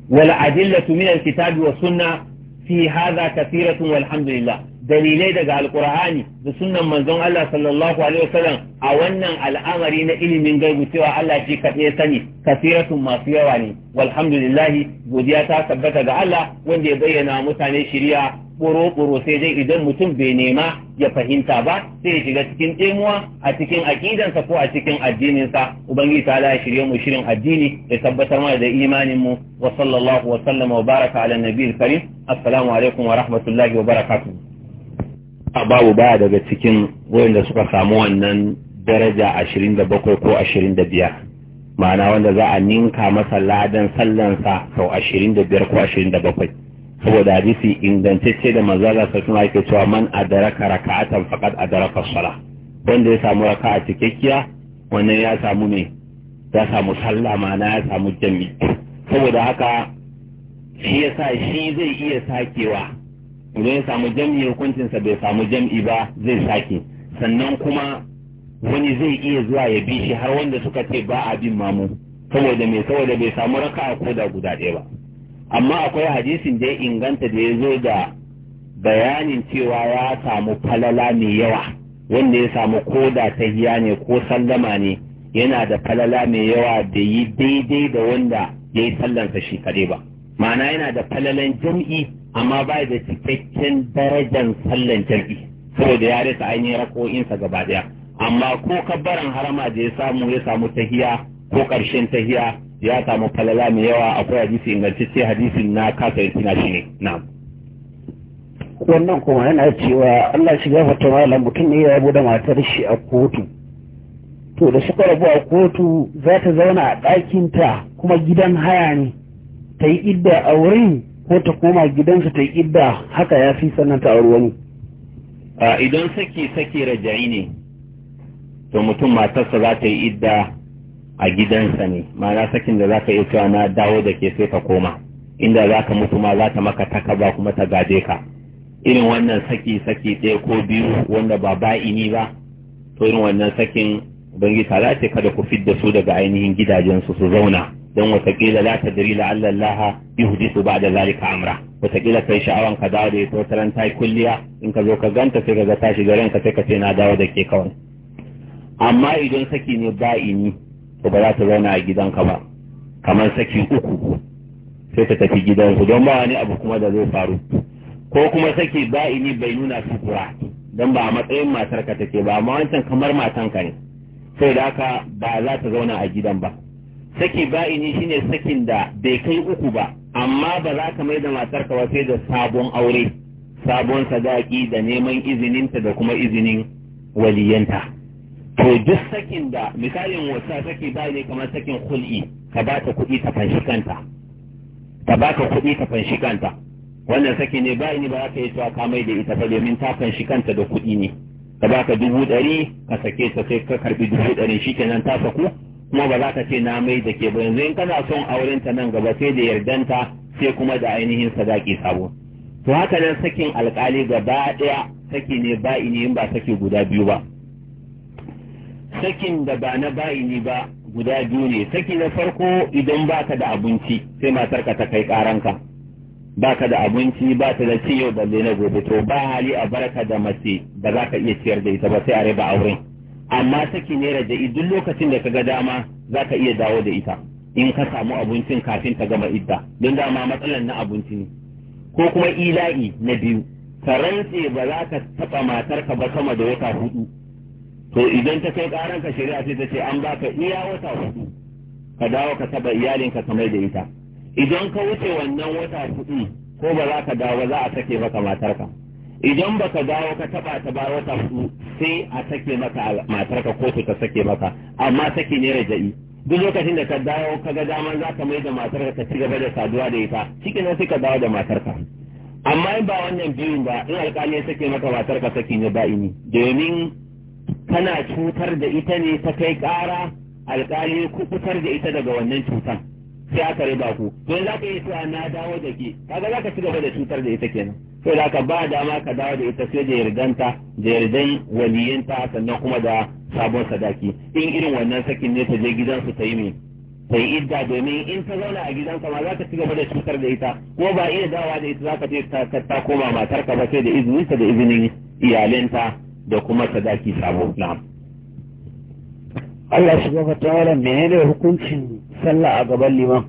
Speaker 1: wal adillatu min al-kitabi wa sunna fi hadha kathiratun walhamdulillah dalilai daga alkur'ani da sunan manzon Allah sallallahu alaihi wasallam a wannan al'amari na ilimin gaibu cewa Allah shi kaɗai sani kasiratun masu yawa ne Walhamdulillah godiya ta tabbata ga Allah wanda ya bayyana mutane shiriya boro-boro sai dai idan mutum bai nema ya fahimta ba sai ya shiga cikin ɗemuwa a cikin aƙidansa ko a cikin addininsa ubangiji ta ya shirye mu shirin addini ya tabbatar mana da imanin mu wa sallallahu wa sallama wa baraka ala nabiyil karim assalamu alaikum wa rahmatullahi wa barakatuh babu baya daga cikin wanda suka samu wannan daraja ashirin da bakwai ko ashirin da biyar ma'ana wanda za a ninka masa ladan sallansa sau ashirin da biyar ko ashirin da bakwai saboda hadisi ingantacce da manzala sa suna yake cewa man adaraka raka'atan faqad adaraka sala wanda ya samu raka'a cikakkiya wannan ya samu ne ya samu sallah ma'ana ya samu jami'i saboda haka shi yasa shi zai iya sakewa idan ya samu jam'i hukuncinsa bai samu jam'i ba zai sake sannan kuma wani zai iya zuwa ya bi shi har wanda suka ce ba a bin mamu saboda mai saboda bai samu raka a koda guda ɗaya ba amma akwai hadisin da ya inganta da ya zo da bayanin cewa ya samu falala mai yawa wanda ya samu koda ta hiya ne ko sallama ne yana da falala mai yawa da yi daidai da wanda ya yi sallansa shi kaɗai ba ma'ana yana da falalan jam'i amma ba da cikakken darajar sallan jam'i saboda ya rasa ainihin rako'insa gaba daya amma ko kabbaran harama da ya samu ya samu tahiya ko karshen tahiya ya samu falala mai yawa akwai hadisi ingantacce hadisin na kasa yantina shi ne Na. wannan kuma yana cewa Allah shi ta malam mutum ne ya rabu da matar shi a kotu to da suka rabu a kotu za ta zauna a ɗakinta kuma gidan haya ne ta yi idda a wurin ko ta koma gidansu ta yi idda haka ya fi sannan ta auri wani idan saki saki raja'i ne to mutum matarsa za ta yi idda a gidansa ne ma'ana sakin da za ka iya cewa na dawo da ke sai ka koma inda za ka mutu ma za ta maka takaba kuma ta gade ka irin wannan saki saki ɗaya ko biyu wanda ba ba'ini ba to irin wannan sakin ubangiji ta ce kada ku fidda su daga ainihin gidajensu su zauna don watakila la tadri la alla Allah ba ba'da zalika amra watakila kai sha'awan ka dawo da ita wata ran kulliya in ka zo ka ganta sai ka ga ta shiga ranka sai ka ce na dawo da ke kawai amma idan saki ne ba'ini to ba za ta zauna a gidanka ba kamar saki uku sai ta tafi gidansu don ba wani abu kuma da zai faru ko kuma saki ba'ini bai nuna sukura don ba a matsayin matarka take ba amma wancan kamar matan ka ne sai da haka ba za ta zauna a gidan ba saki ba'ini shine sakin da bai kai uku ba amma ba za ka mai da matar ka sai da sabon aure sabon sadaki da neman izininta da kuma izinin waliyanta to duk sakin da misalin wasa saki ba'ini kamar sakin kuli ka ba ta kuɗi ta fanshi kanta ta ba ka kuɗi ta fanshi kanta wannan saki ne ba'ini ba za ka yi cewa ka mai da ita ba domin ta fanshi kanta da kuɗi ne ka ba ka dubu ɗari ka sake ta sai ka karɓi dubu ɗari shikenan ta saku kuma ba za ka ce na mai da ke ba yanzu in kana son auren ta nan gaba sai da yardanta sai kuma da ainihin sadaki sabo to haka nan sakin alkali gaba daya saki ne ba'i ini in ba saki guda biyu ba sakin da ba na ba'i ne ba guda biyu ne saki na farko idan ba ka da abinci sai matar ka ta kai karanka ka da abinci ba ta da ci yau balle na gobe to ba hali a barka da mace ba za ka iya ciyar da ita ba sai a raba auren amma take ne raja'i duk lokacin da ka ga dama za ka iya dawo da ita in ka samu abincin kafin ta gama idda don dama matsalar na abinci ne ko kuma ila'i na biyu ka rantse ba za ka taɓa matarka ba sama da wata hudu to idan ta kai ƙaranka shari'a sai ta ce an baka iya wata hudu ka dawo ka taɓa iyalinka kamar da ita idan ka wuce wannan wata hudu ko ba za ka dawo ba za a sake maka matarka idan ba ka dawo ka taba ta ba wata hudu sai a sake maka matarka ko ta sake maka amma sake ne raja'i duk lokacin da ka dawo ka ga daman za ka mai da matarka ka ci gaba da saduwa da ita cikin sai ka dawo da matarka amma in ba wannan biyun ba in alƙali ya sake maka matarka saki ne ba ini domin kana cutar da ita ne ta kai ƙara alƙali kubutar da ita daga wannan cutar. sai aka riba ku to za ka yi cewa na dawo da ke kaga za ka ci gaba da cutar da ita kenan sai da ka ba dama ka dawo da ita sai da yardanta da yardan waliyanta sannan kuma da sabon sadaki in irin wannan sakin ne ta je gidansu ta yi mai ta yi idda domin in ta zauna a gidan ma za ka ci gaba da cutar da ita ko ba iya dawa da ita za ka je ta koma matarka ba sai da izininta da izinin iyalinta da kuma sadaki sabo na'am Allah shi gaba tawaran menene hukuncin sallah a gaban liman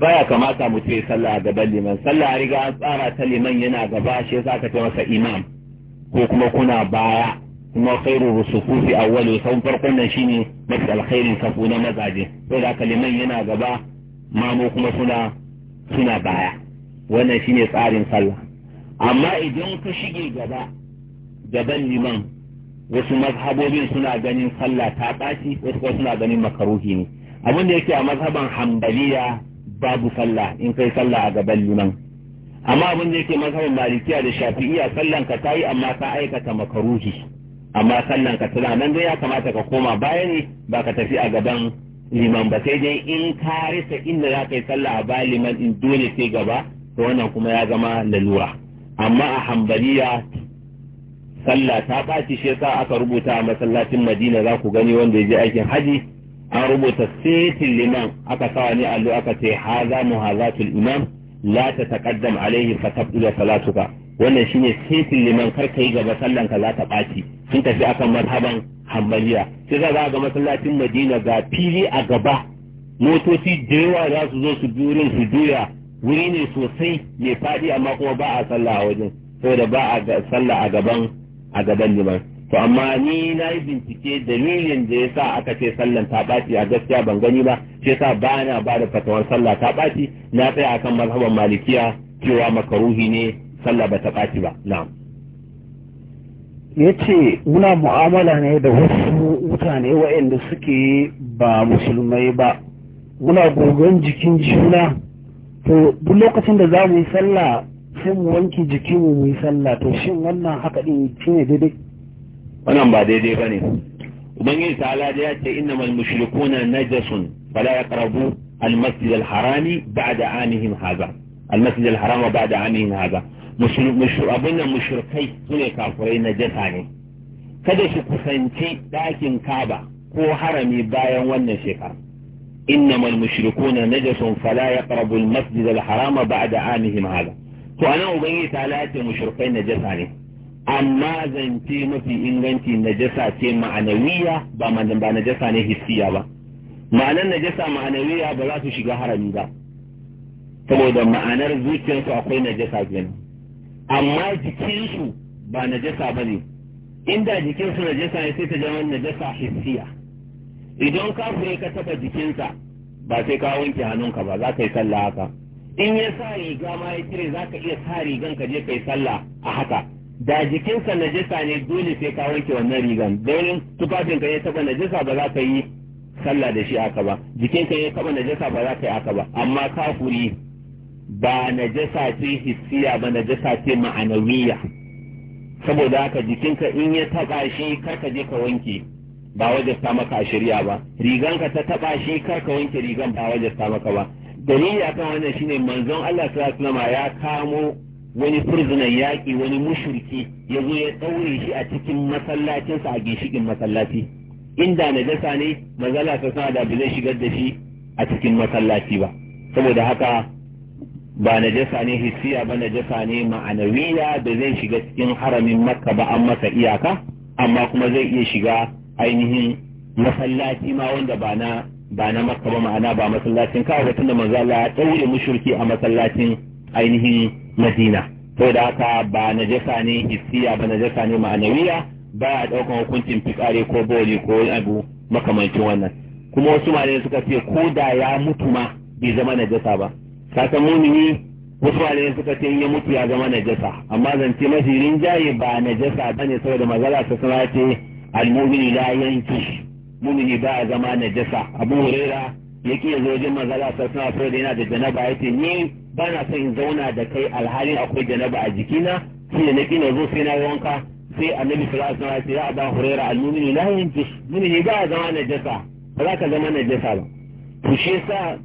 Speaker 1: baya kamata mu ce sallah a gaban liman sallah riga an tsara ta liman yana gaba shi za ka ce masa imam ko kuma kuna baya kuma khairu rusufufi awwalu sau farkon nan shine mafi alkhairin safu na mazaje Sai haka liman yana gaba mamo kuma suna suna baya wannan shine tsarin sallah amma idan ka shige gaba gaban liman wasu mazhabobin suna ganin sallah ta ɓaci wasu kuma suna ganin makaruhi ne abin da yake a mazhaban hambaliya babu sallah in kai sallah a gaban liman amma abin da yake mazhaban malikiya da shafi'iya sallan ka tayi amma ka aikata makaruhi amma sallan ka tana nan dai ya kamata ka koma baya ne ba ka tafi a gaban liman ba sai dai in ka rasa inda za ka yi sallah a bayan liman in dole sai gaba to wannan kuma ya zama lalura amma a hambaliya sallah ta ɓaci shi yasa aka rubuta a masallacin madina za ku gani wanda ya je aikin haji an rubuta setin liman aka sawa ne allo aka ce haza muhazatul imam la ta taqaddam alaihi fa tabda salatuka wannan shine setin liman kar kai gaba sallan ka za ta ɓaci sun tafi akan mazhaban hambaliya sai za ga masallacin madina ga fili a gaba motoci da yawa za su zo su jurin su doya wuri ne sosai mai faɗi amma kuma ba a sallah a wajen saboda ba a sallah a gaban a gaban liman to amma ni na yi bincike dalilin da ya sa aka ce sallan ta ɓaci a gaskiya ban gani ba shi yasa ba na ba da fatawar sallah ta ɓaci na tsaya akan mazhaban malikiya cewa makaruhi ne sallah ba ta ɓaci ba na'am ya ce muna mu'amala ne da wasu mutane waɗanda suke ba musulmai ba muna gogon jikin juna to duk lokacin da za mu yi sallah sai mu wanke jiki mu yi sallah to shin wannan haka din ne daidai wannan ba daidai ba ne. ubangiji ta alaji ya ce innamal mushrikuna najasun fala yaqrabu المسجد الحرام بعد عامهم هذا المسجد الحرام بعد عامهم هذا abinda mushrikai sune ne kafurai na jasa ne kada su kusanci dakin kaba ko harami bayan wannan shekara innamal mushrikuna najasun fala yaqrabu al-masjid al-harama ba'da amihim hada to anan ubangiji ta lati mushrikai najasa ne amma zance mafi inganci najasa ce ma'anawiya ba ba najasa ne hissiya ba ma'anar najasa ma'anawiya ba za su shiga harami ba saboda ma'anar zuciyarsu akwai najasa kenan amma jikinsu ba najasa ba ne inda jikinsu najasa ne sai ta zama najasa hissiya idan ka ka taba jikinsa ba sai ka wanke hannunka ba za ka yi sallah haka in ya sa riga ma ya cire za ka iya sa rigan ka je kai sallah a haka da jikinsa najasa ne dole sai ka wanke wannan rigan dole tufafin ka ya taba najasa ba za ka yi sallah da shi haka ba jikinka ya taba najasa ba za ka yi haka ba amma kafuri ba najasa ce hissiya ba najasa ce ma'anawiya saboda haka jikinka in ya taba shi kar ka je ka wanke ba wajen maka a shirya ba rigan ka ta taba shi kar ka wanke rigan ba wajen maka ba dalili akan wannan shine manzon Allah sallallahu alaihi ya kamo wani furzunan yaƙi wani mushriki ya zo ya ɗaure shi a cikin masallacinsa a ginshikin masallaci inda na jasa ne mazala ta sa da zai shigar da shi a cikin masallaci ba saboda haka ba na jasa ne hissiya ba na jasa ne ma'anawiya da zai shiga cikin haramin makka ba an masa iyaka amma kuma zai iya shiga ainihin masallaci ma wanda ba na ba na maka ba ma'ana ba masallacin kawai da tunda manzo Allah ya daure mushriki a masallacin ainihin Madina saboda haka ba na jasa ne hissiya ba najasa ne ma'anawiya ba a daukan hukuncin fitsari ko boli ko wani abu makamancin wannan kuma wasu malamai suka ce ko da ya mutu ma bai zama na jasa ba kasan mumini wasu malamai suka ce ya mutu ya zama na jasa, amma zance mafi rinjaye ba na najasa bane saboda mazala ta sana ce al-mu'minu la yankish mumini ba a zama najasa abu huraira yake yanzu wajen manzala suna alaihi da yana da janaba ce ni ba na son in zauna da kai Alhali akwai janaba a jikina sai da nake na zo sai na wanka sai annabi sallallahu alaihi wasallam ya hurera huraira almumini la yanki mumini ba a zama najasa ba za ka zama na najasa ba to shi yasa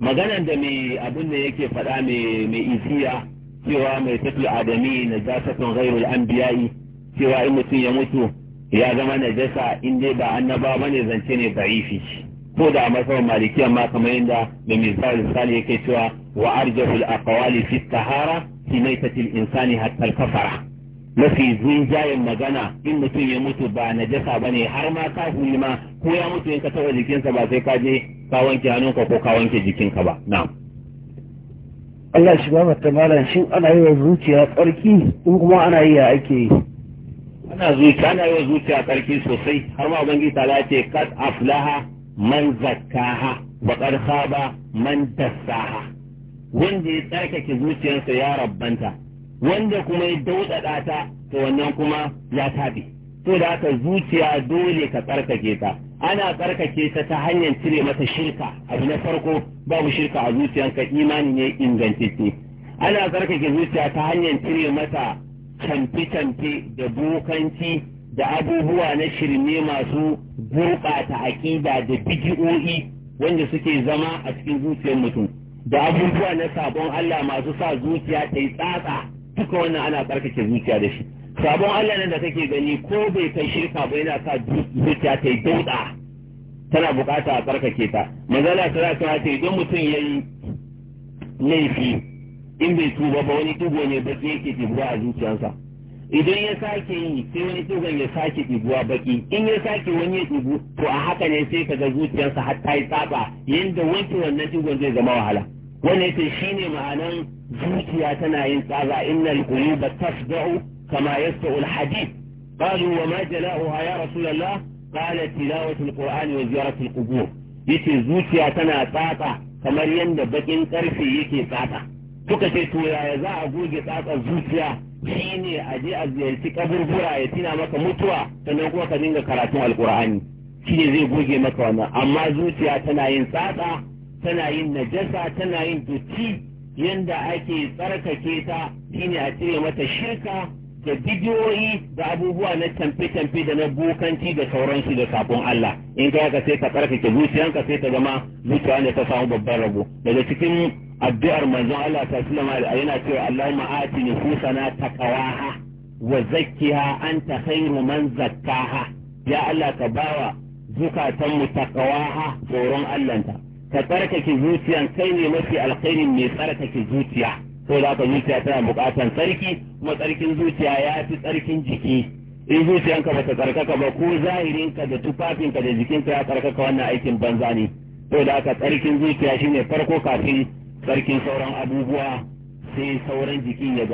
Speaker 1: maganan da mai abun da yake faɗa mai isiya cewa mai tafi adami najasatun ghairul anbiya'i cewa in mutum ya mutu ya zama najasa in dai ba annaba ne zance ne da'ifi ko da a masar malikiya ma kamar yadda da misali misali yake cewa wa arjahul aqwali fi tahara fi maitatil insani hatta kafara mafi zinjayen magana in mutum ya mutu ba na najasa bane har ma kafiri ma ko ya mutu in ka taba jikinsa ba sai ka je ka wanke hannunka ko ka wanke jikinka ba na'am Allah shi ba mata malam shin ana yi wa zuciya tsarki in kuma ana yi ya ake ana zuciya ana yawan zuciya karfi sosai har ma ubangiji ta ce kad aflaha man zakkaha wa qad khaba man dassaha wanda ya tsarkake zuciyarsa ya rabbanta wanda kuma ya daudada ta to wannan kuma ya tabi to da haka zuciya dole ka tsarkake ta ana tsarkake ta ta hanyar cire mata shirka abu na farko babu shirka a zuciyarka, imani ne ingantacce ana tsarkake zuciya ta hanyar cire mata canfe-canfe da bokanci da abubuwa na shirme masu gurɓata aƙida da bigi'o'i wanda suke zama a cikin zuciyar mutum da abubuwa na sabon Allah masu sa zuciya ta yi tsatsa duka wannan ana tsarkake zuciya da shi sabon Allah nan da kake gani ko bai kai shirka ba yana sa zuciya ta yi dauɗa tana bukata a tsarkake ta mazala ta za ta idan mutum ya laifi in bai tuba ba wani tugo ne baki yake tibuwa a zuciyarsa idan ya sake yi sai wani tugon ya sake tibuwa baki in ya sake wani ya tibu to a haka ne sai kaga zuciyarsa har ta yi tsaba yadda wanke wannan tugon zai zama wahala ya ce ne ma'anan zuciya tana yin tsaba innal quluba tasda'u kama yasda'u al-hadid قالوا وما جلاؤها يا رسول الله قال تلاوة القرآن وزيارة القبور يتي زوتيا تنا تاتا كمريم bakin karfe يتي تاتا suka ce to yaya za a goge tsatsar zuciya shi ne a je a ziyarci kaburbura ya tina maka mutuwa sannan kuma ka dinga karatun alkur'ani shi ne zai goge maka wannan amma zuciya tana yin tsatsa tana yin najasa tana yin dotti yanda ake tsarkake ta shi ne a cire mata shirka da bidiyoyi da abubuwa na tamfe-tamfe da na bokanci da sauransu da sakon Allah in ka sai ka tsarkake zuciyanka sai ta zama zuciya ne ta samu babban rabo daga cikin addu'ar manzon Allah ta sallama yana cewa ne ati nufusana taqwaha wa zakkiha anta khairu man zakkaha ya Allah ka bawa zukatan mu taqwaha tsoron Allahnta ka tsarkake zuciya kai ne mafi alkhairin mai tsarkake zuciya ko da ka zuciya tana bukatan tsarki kuma tsarkin zuciya ya fi tsarkin jiki in zuciyanka bata tsarkaka ba ko zahirinka da tufafinka da jikinka ya tsarkaka wannan aikin banza ne to da aka tsarkin zuciya shine farko kafin tsarkin sauran abubuwa sai sauran jikin ya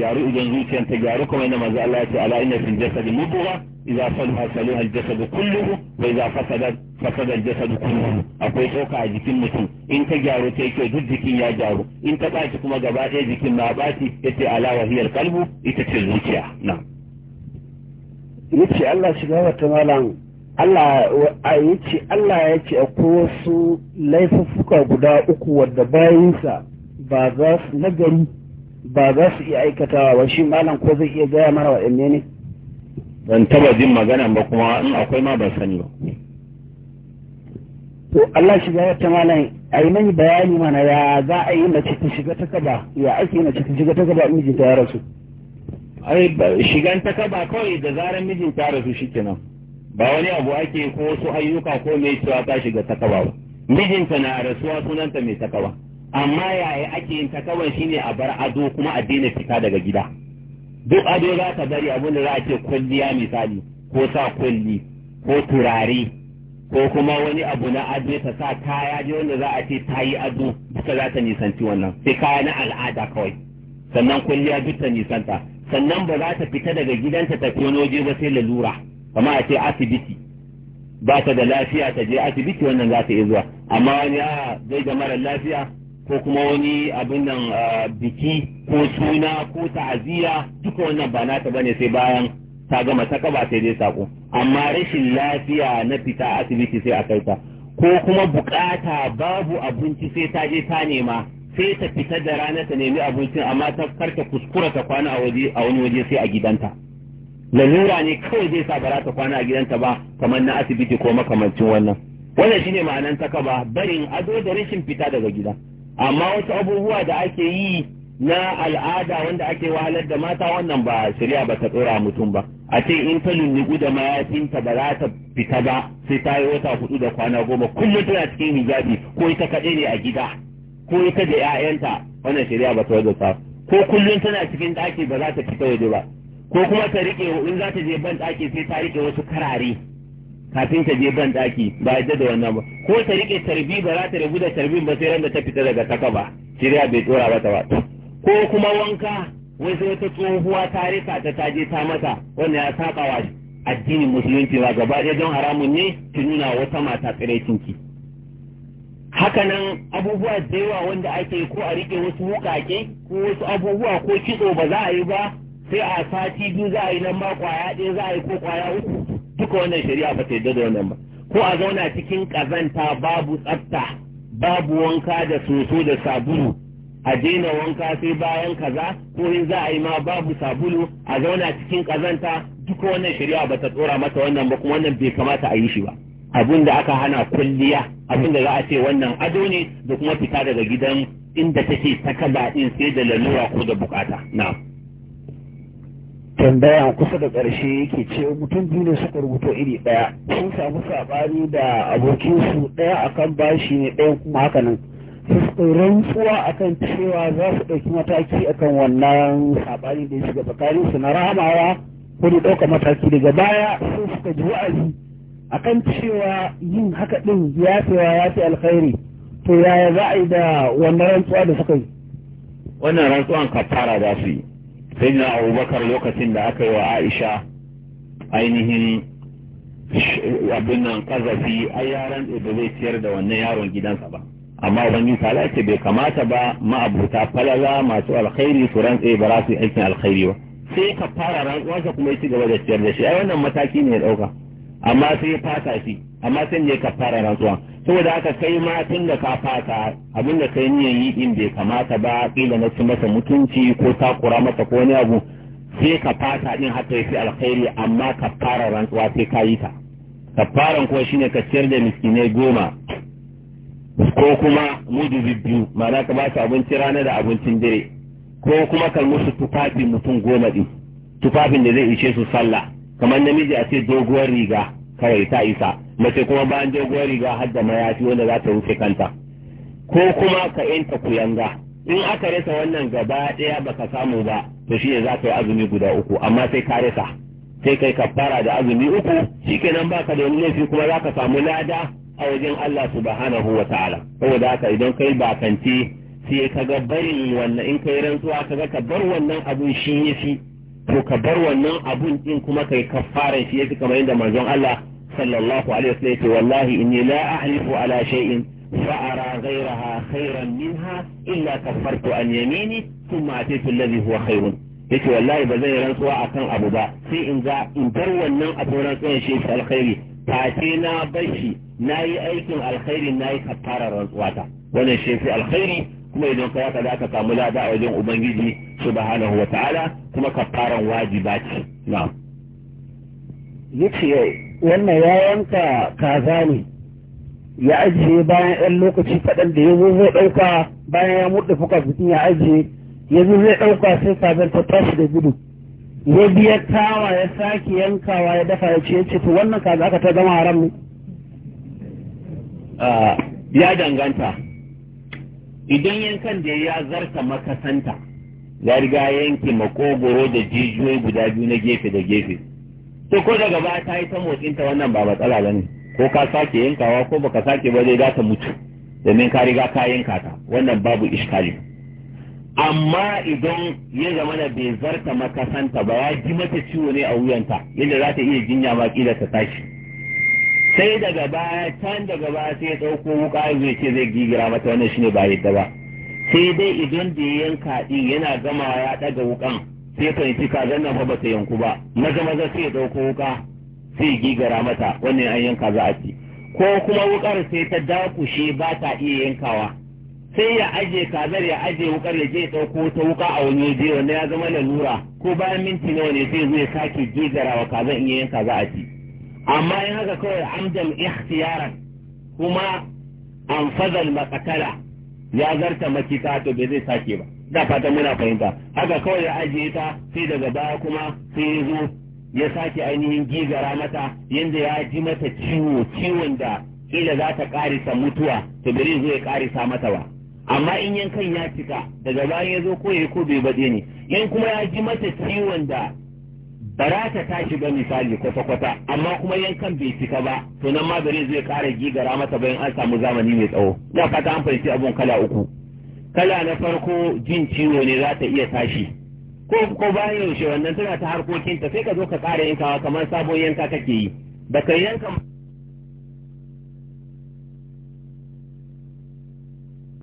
Speaker 1: gyaru idan zuciyar ta gyaru kuma yana manzo Allah ce ala inna fil jasad mudghah idza salaha salaha al jasad kulluhu wa idza fasada fasada al kulluhu akwai tsoka a jikin mutum in ta gyaru ta yake duk jikin ya gyaru in ta baci kuma gaba ɗaya jikin ma baci yace ala wa hiya al ita ce zuciya na yace Allah shiga wata malam Allah ya ce Allah ya ce akwai wasu laifuffuka guda uku wadda bayansa ba za su nagari ba za su iya aikatawa ba shi malam ko zai iya gaya mara waɗanne ne ban taba jin magana ba kuma in akwai ma ban sani ba to Allah shi ga ta malam a yi mani bayani mana ya za a yi mace ta shiga ta kaba ya ake mace ta shiga ta kaba mijinta ya rasu ai shigan ta kaba kawai da zarar mijinta ya rasu shikenan ba wani abu ake ko wasu ayyuka ko mai cewa ta shiga takawa ba mijinta na rasuwa sunanta mai takawa amma yaya ake yin shi shine a bar ado kuma a daina fita daga gida duk ado za ka bari abin da za a ce kwalliya misali ko sa kwalli ko turare ko kuma wani abu na ado ta sa kaya je wanda za a ce ta yi ado duka za ta nisanci wannan sai kaya na al'ada kawai sannan kwalliya duk ta nisanta sannan ba za ta fita daga gidanta ta wani waje ba sai lalura kama a asibiti ba ta da lafiya ta je asibiti wannan za ta iya zuwa amma wani a zai da mara lafiya ko kuma wani abin nan biki ko suna ko ta'aziyya duka wannan ba nata bane sai bayan ta gama ta kaba sai dai sako amma rashin lafiya na fita asibiti sai a kaita ko kuma bukata babu abinci sai ta je ta nema sai ta fita da rana ta nemi abincin amma ta karta kuskura ta kwana a wani waje sai a gidanta lalura ne kawai zai sa bara ta kwana a gidanta ba kamar na asibiti ko makamancin wannan wannan shine ma'anan ta kaba barin ado da rashin fita daga gida amma wasu abubuwa da ake yi na al'ada wanda ake wahalar da mata wannan ba shari'a ba ta tsora mutum ba a ce in ta lulluɓu da mayafinta ba za ta fita ba sai ta yi wata hudu da kwana goma kullum tana cikin hijabi ko ita kaɗai ne a gida ko ita da 'ya'yanta wannan shari'a ba ta wajen ko kullum tana cikin ɗaki ba za ta fita waje ba ko kuma ta riƙe in za ta je ban ɗaki sai ta riƙe wasu karare kafin ta je ban ɗaki ba yadda da wannan ba ko ta riƙe tarbi ba za ta rabu da tarbin ba sai ran ta fita daga taka ba shirya bai tsora mata ba ko kuma wanka wasu wata tsohuwa ta rika ta ta je ta mata wannan ya saba wa addinin musulunci ba gaba ɗaya don haramun ne ta nuna wata mata Haka hakanan abubuwa da yawa wanda ake ko a rike wasu wukake ko wasu abubuwa ko kitso ba za a yi ba sai a sati biyu za a yi nan ba kwaya ɗaya za a yi ko kwaya uku duka wannan shari'a ba ta yarda da wannan ba ko a zauna cikin kazanta babu tsafta babu wanka da soso da sabulu a daina wanka sai bayan kaza ko in za a yi ma babu sabulu a zauna cikin kazanta duka wannan shari'a ba ta tsora mata wannan ba kuma wannan bai kamata a yi shi ba abin da aka hana kulliya abin da za a ce wannan ado ne da kuma fita daga gidan inda take ta kaza din sai da lalura ko da bukata na'am tambaya kusa da ƙarshe yake ce mutum biyu ne suka rubuta iri ɗaya sun samu saɓani da abokinsu ɗaya akan bashi ne ɗaya kuma haka nan su rantsuwa akan cewa za su ɗauki mataki akan wannan saɓani da ya shiga tsakaninsu na ramawa ko da ɗauka mataki daga baya sun suka ji wa'azi akan cewa yin haka ɗin ya fi ya fi alkhairi to yaya za a yi da wannan rantsuwa da suka yi wannan rantsuwan kafara za su yi sai na abubakar lokacin da aka yi wa aisha ainihin abin nan kazafi a yaran da zai ciyar da wannan yaron gidansa ba amma ubangiji sala ce bai kamata ba ma'abuta falala masu alkhairi su rantse ba za su yi aikin alkhairi ba sai ka fara rantsuwarsa kuma ya ci gaba da ciyar da shi ai wannan mataki ne ya dauka amma sai ya fasa shi amma sai ne ka fara rantsuwa saboda aka kai matan da ka fata abin da kai niyan yi din bai kamata ba kila na ci masa mutunci ko takura masa ko wani abu sai ka fata din har ta fi alkhairi amma ka fara rantsuwa sai ka yi ta ka fara kuwa shine ka ciyar da miskinai goma ko kuma mudu biyu ma'ana ka ba su abinci rana da abincin dare ko kuma ka musu tufafin mutum goma din tufafin da zai ishe su sallah kamar namiji a ce doguwar riga kawai ta isa mace kuma bayan doguwar riga har da mayafi wanda za ta wuce kanta ko kuma ka yanta kuyanga in aka rasa wannan gaba ɗaya baka samu ba to shi za ka yi azumi guda uku amma sai ka rasa sai kai kafara da azumi uku shikenan baka da wani laifi kuma za ka samu lada a wajen Allah subhanahu wa ta'ala saboda haka idan kai kanti sai ka ga barin wannan in kai rantsuwa ka ga ka bar wannan abun shi yafi to ka bar wannan abun din kuma kai kafaran shi yafi kamar yadda manzon Allah sallallahu alaihi in yace wallahi inni la ahlifu ala shay'in fa ara ghayraha khayran minha illa kaffartu an yamini thumma atitu alladhi huwa khayrun wallahi ba zai rantsuwa akan abu ba sai in ga in bar wannan abu rantsuwan shi alkhairi face na bashi nayi aikin alkhairi nayi kaffara rantsuwata wannan shi alkhairi kuma idan ka yaka za ka samu lada a wajen ubangiji subhanahu wa ta'ala kuma kafaran wajiba ce na'am yace wannan ya yanka kaza ne ya ajiye bayan ɗan lokaci kaɗan da ya zo zai ɗauka bayan ya murɗe fuka jikin ya ajiye ya zo zai ɗauka sai kazar ta tashi da gudu ya biya tawa ya sake yankawa ya dafa ya ce ya ce to wannan kaza aka ta zama haram ne ah, ya danganta idan yankan da ya zarta makasanta ya riga yanke makogoro da jijiyoyi guda biyu na gefe da gefe to ko daga ba ta yi ta motsin ta wannan ba matsala ba ne ko ka sake yankawa ko baka sake ba zai ta mutu domin ka riga ka yanka ta wannan babu iskali amma idan ya zama na bai zarta makasanta ba ya ji mata ciwo ne a wuyanta yadda za ta iya jinya ma kila ta tashi sai daga baya can daga baya sai ya ɗauko wuka zai ce zai gigira mata wannan shine ba yadda ba sai dai idan da ya yanka din yana gama ya ɗaga wukan sai fahimci kazan nan fa bata yanku ba maza maza sai ya ɗauko wuka sai gigara mata wannan an yanka za a ci ko kuma wukar sai ta dakushe ba ta iya yankawa sai ya aje kazar ya aje wukar ya je ya ɗauko ta wuka a wani waje wanda ya zama lalura ko bayan minti nawa ne sai zai sake gigara wa kazan in yanka za a ci amma in haka kawai amdal ikhtiyaran kuma an fazal makatala ya zarta makita to bai zai sake ba da fata muna fahimta haka kawai ya ajiye ta sai daga baya kuma sai ya zo ya sake ainihin gigara mata yadda ya ji mata ciwo ciwon da kila za ta karisa mutuwa to bari zo ya karisa mata ba amma in yankan ya cika daga baya ya zo ko ya ko bai bade ne in kuma ya ji mata ciwon da barata ta tashi ba misali kwata-kwata amma kuma yankan bai cika ba to nan ma bari zai kara gigara mata bayan an samu zamani mai tsawo da fata an fahimci abun kala uku kala na farko jin ciwo ne za ta iya tashi ko ko bayan yaushe wannan tana ta harkokinta sai ka zo ka ƙara yankawa kamar sabon yanka kake yi ba ka yanka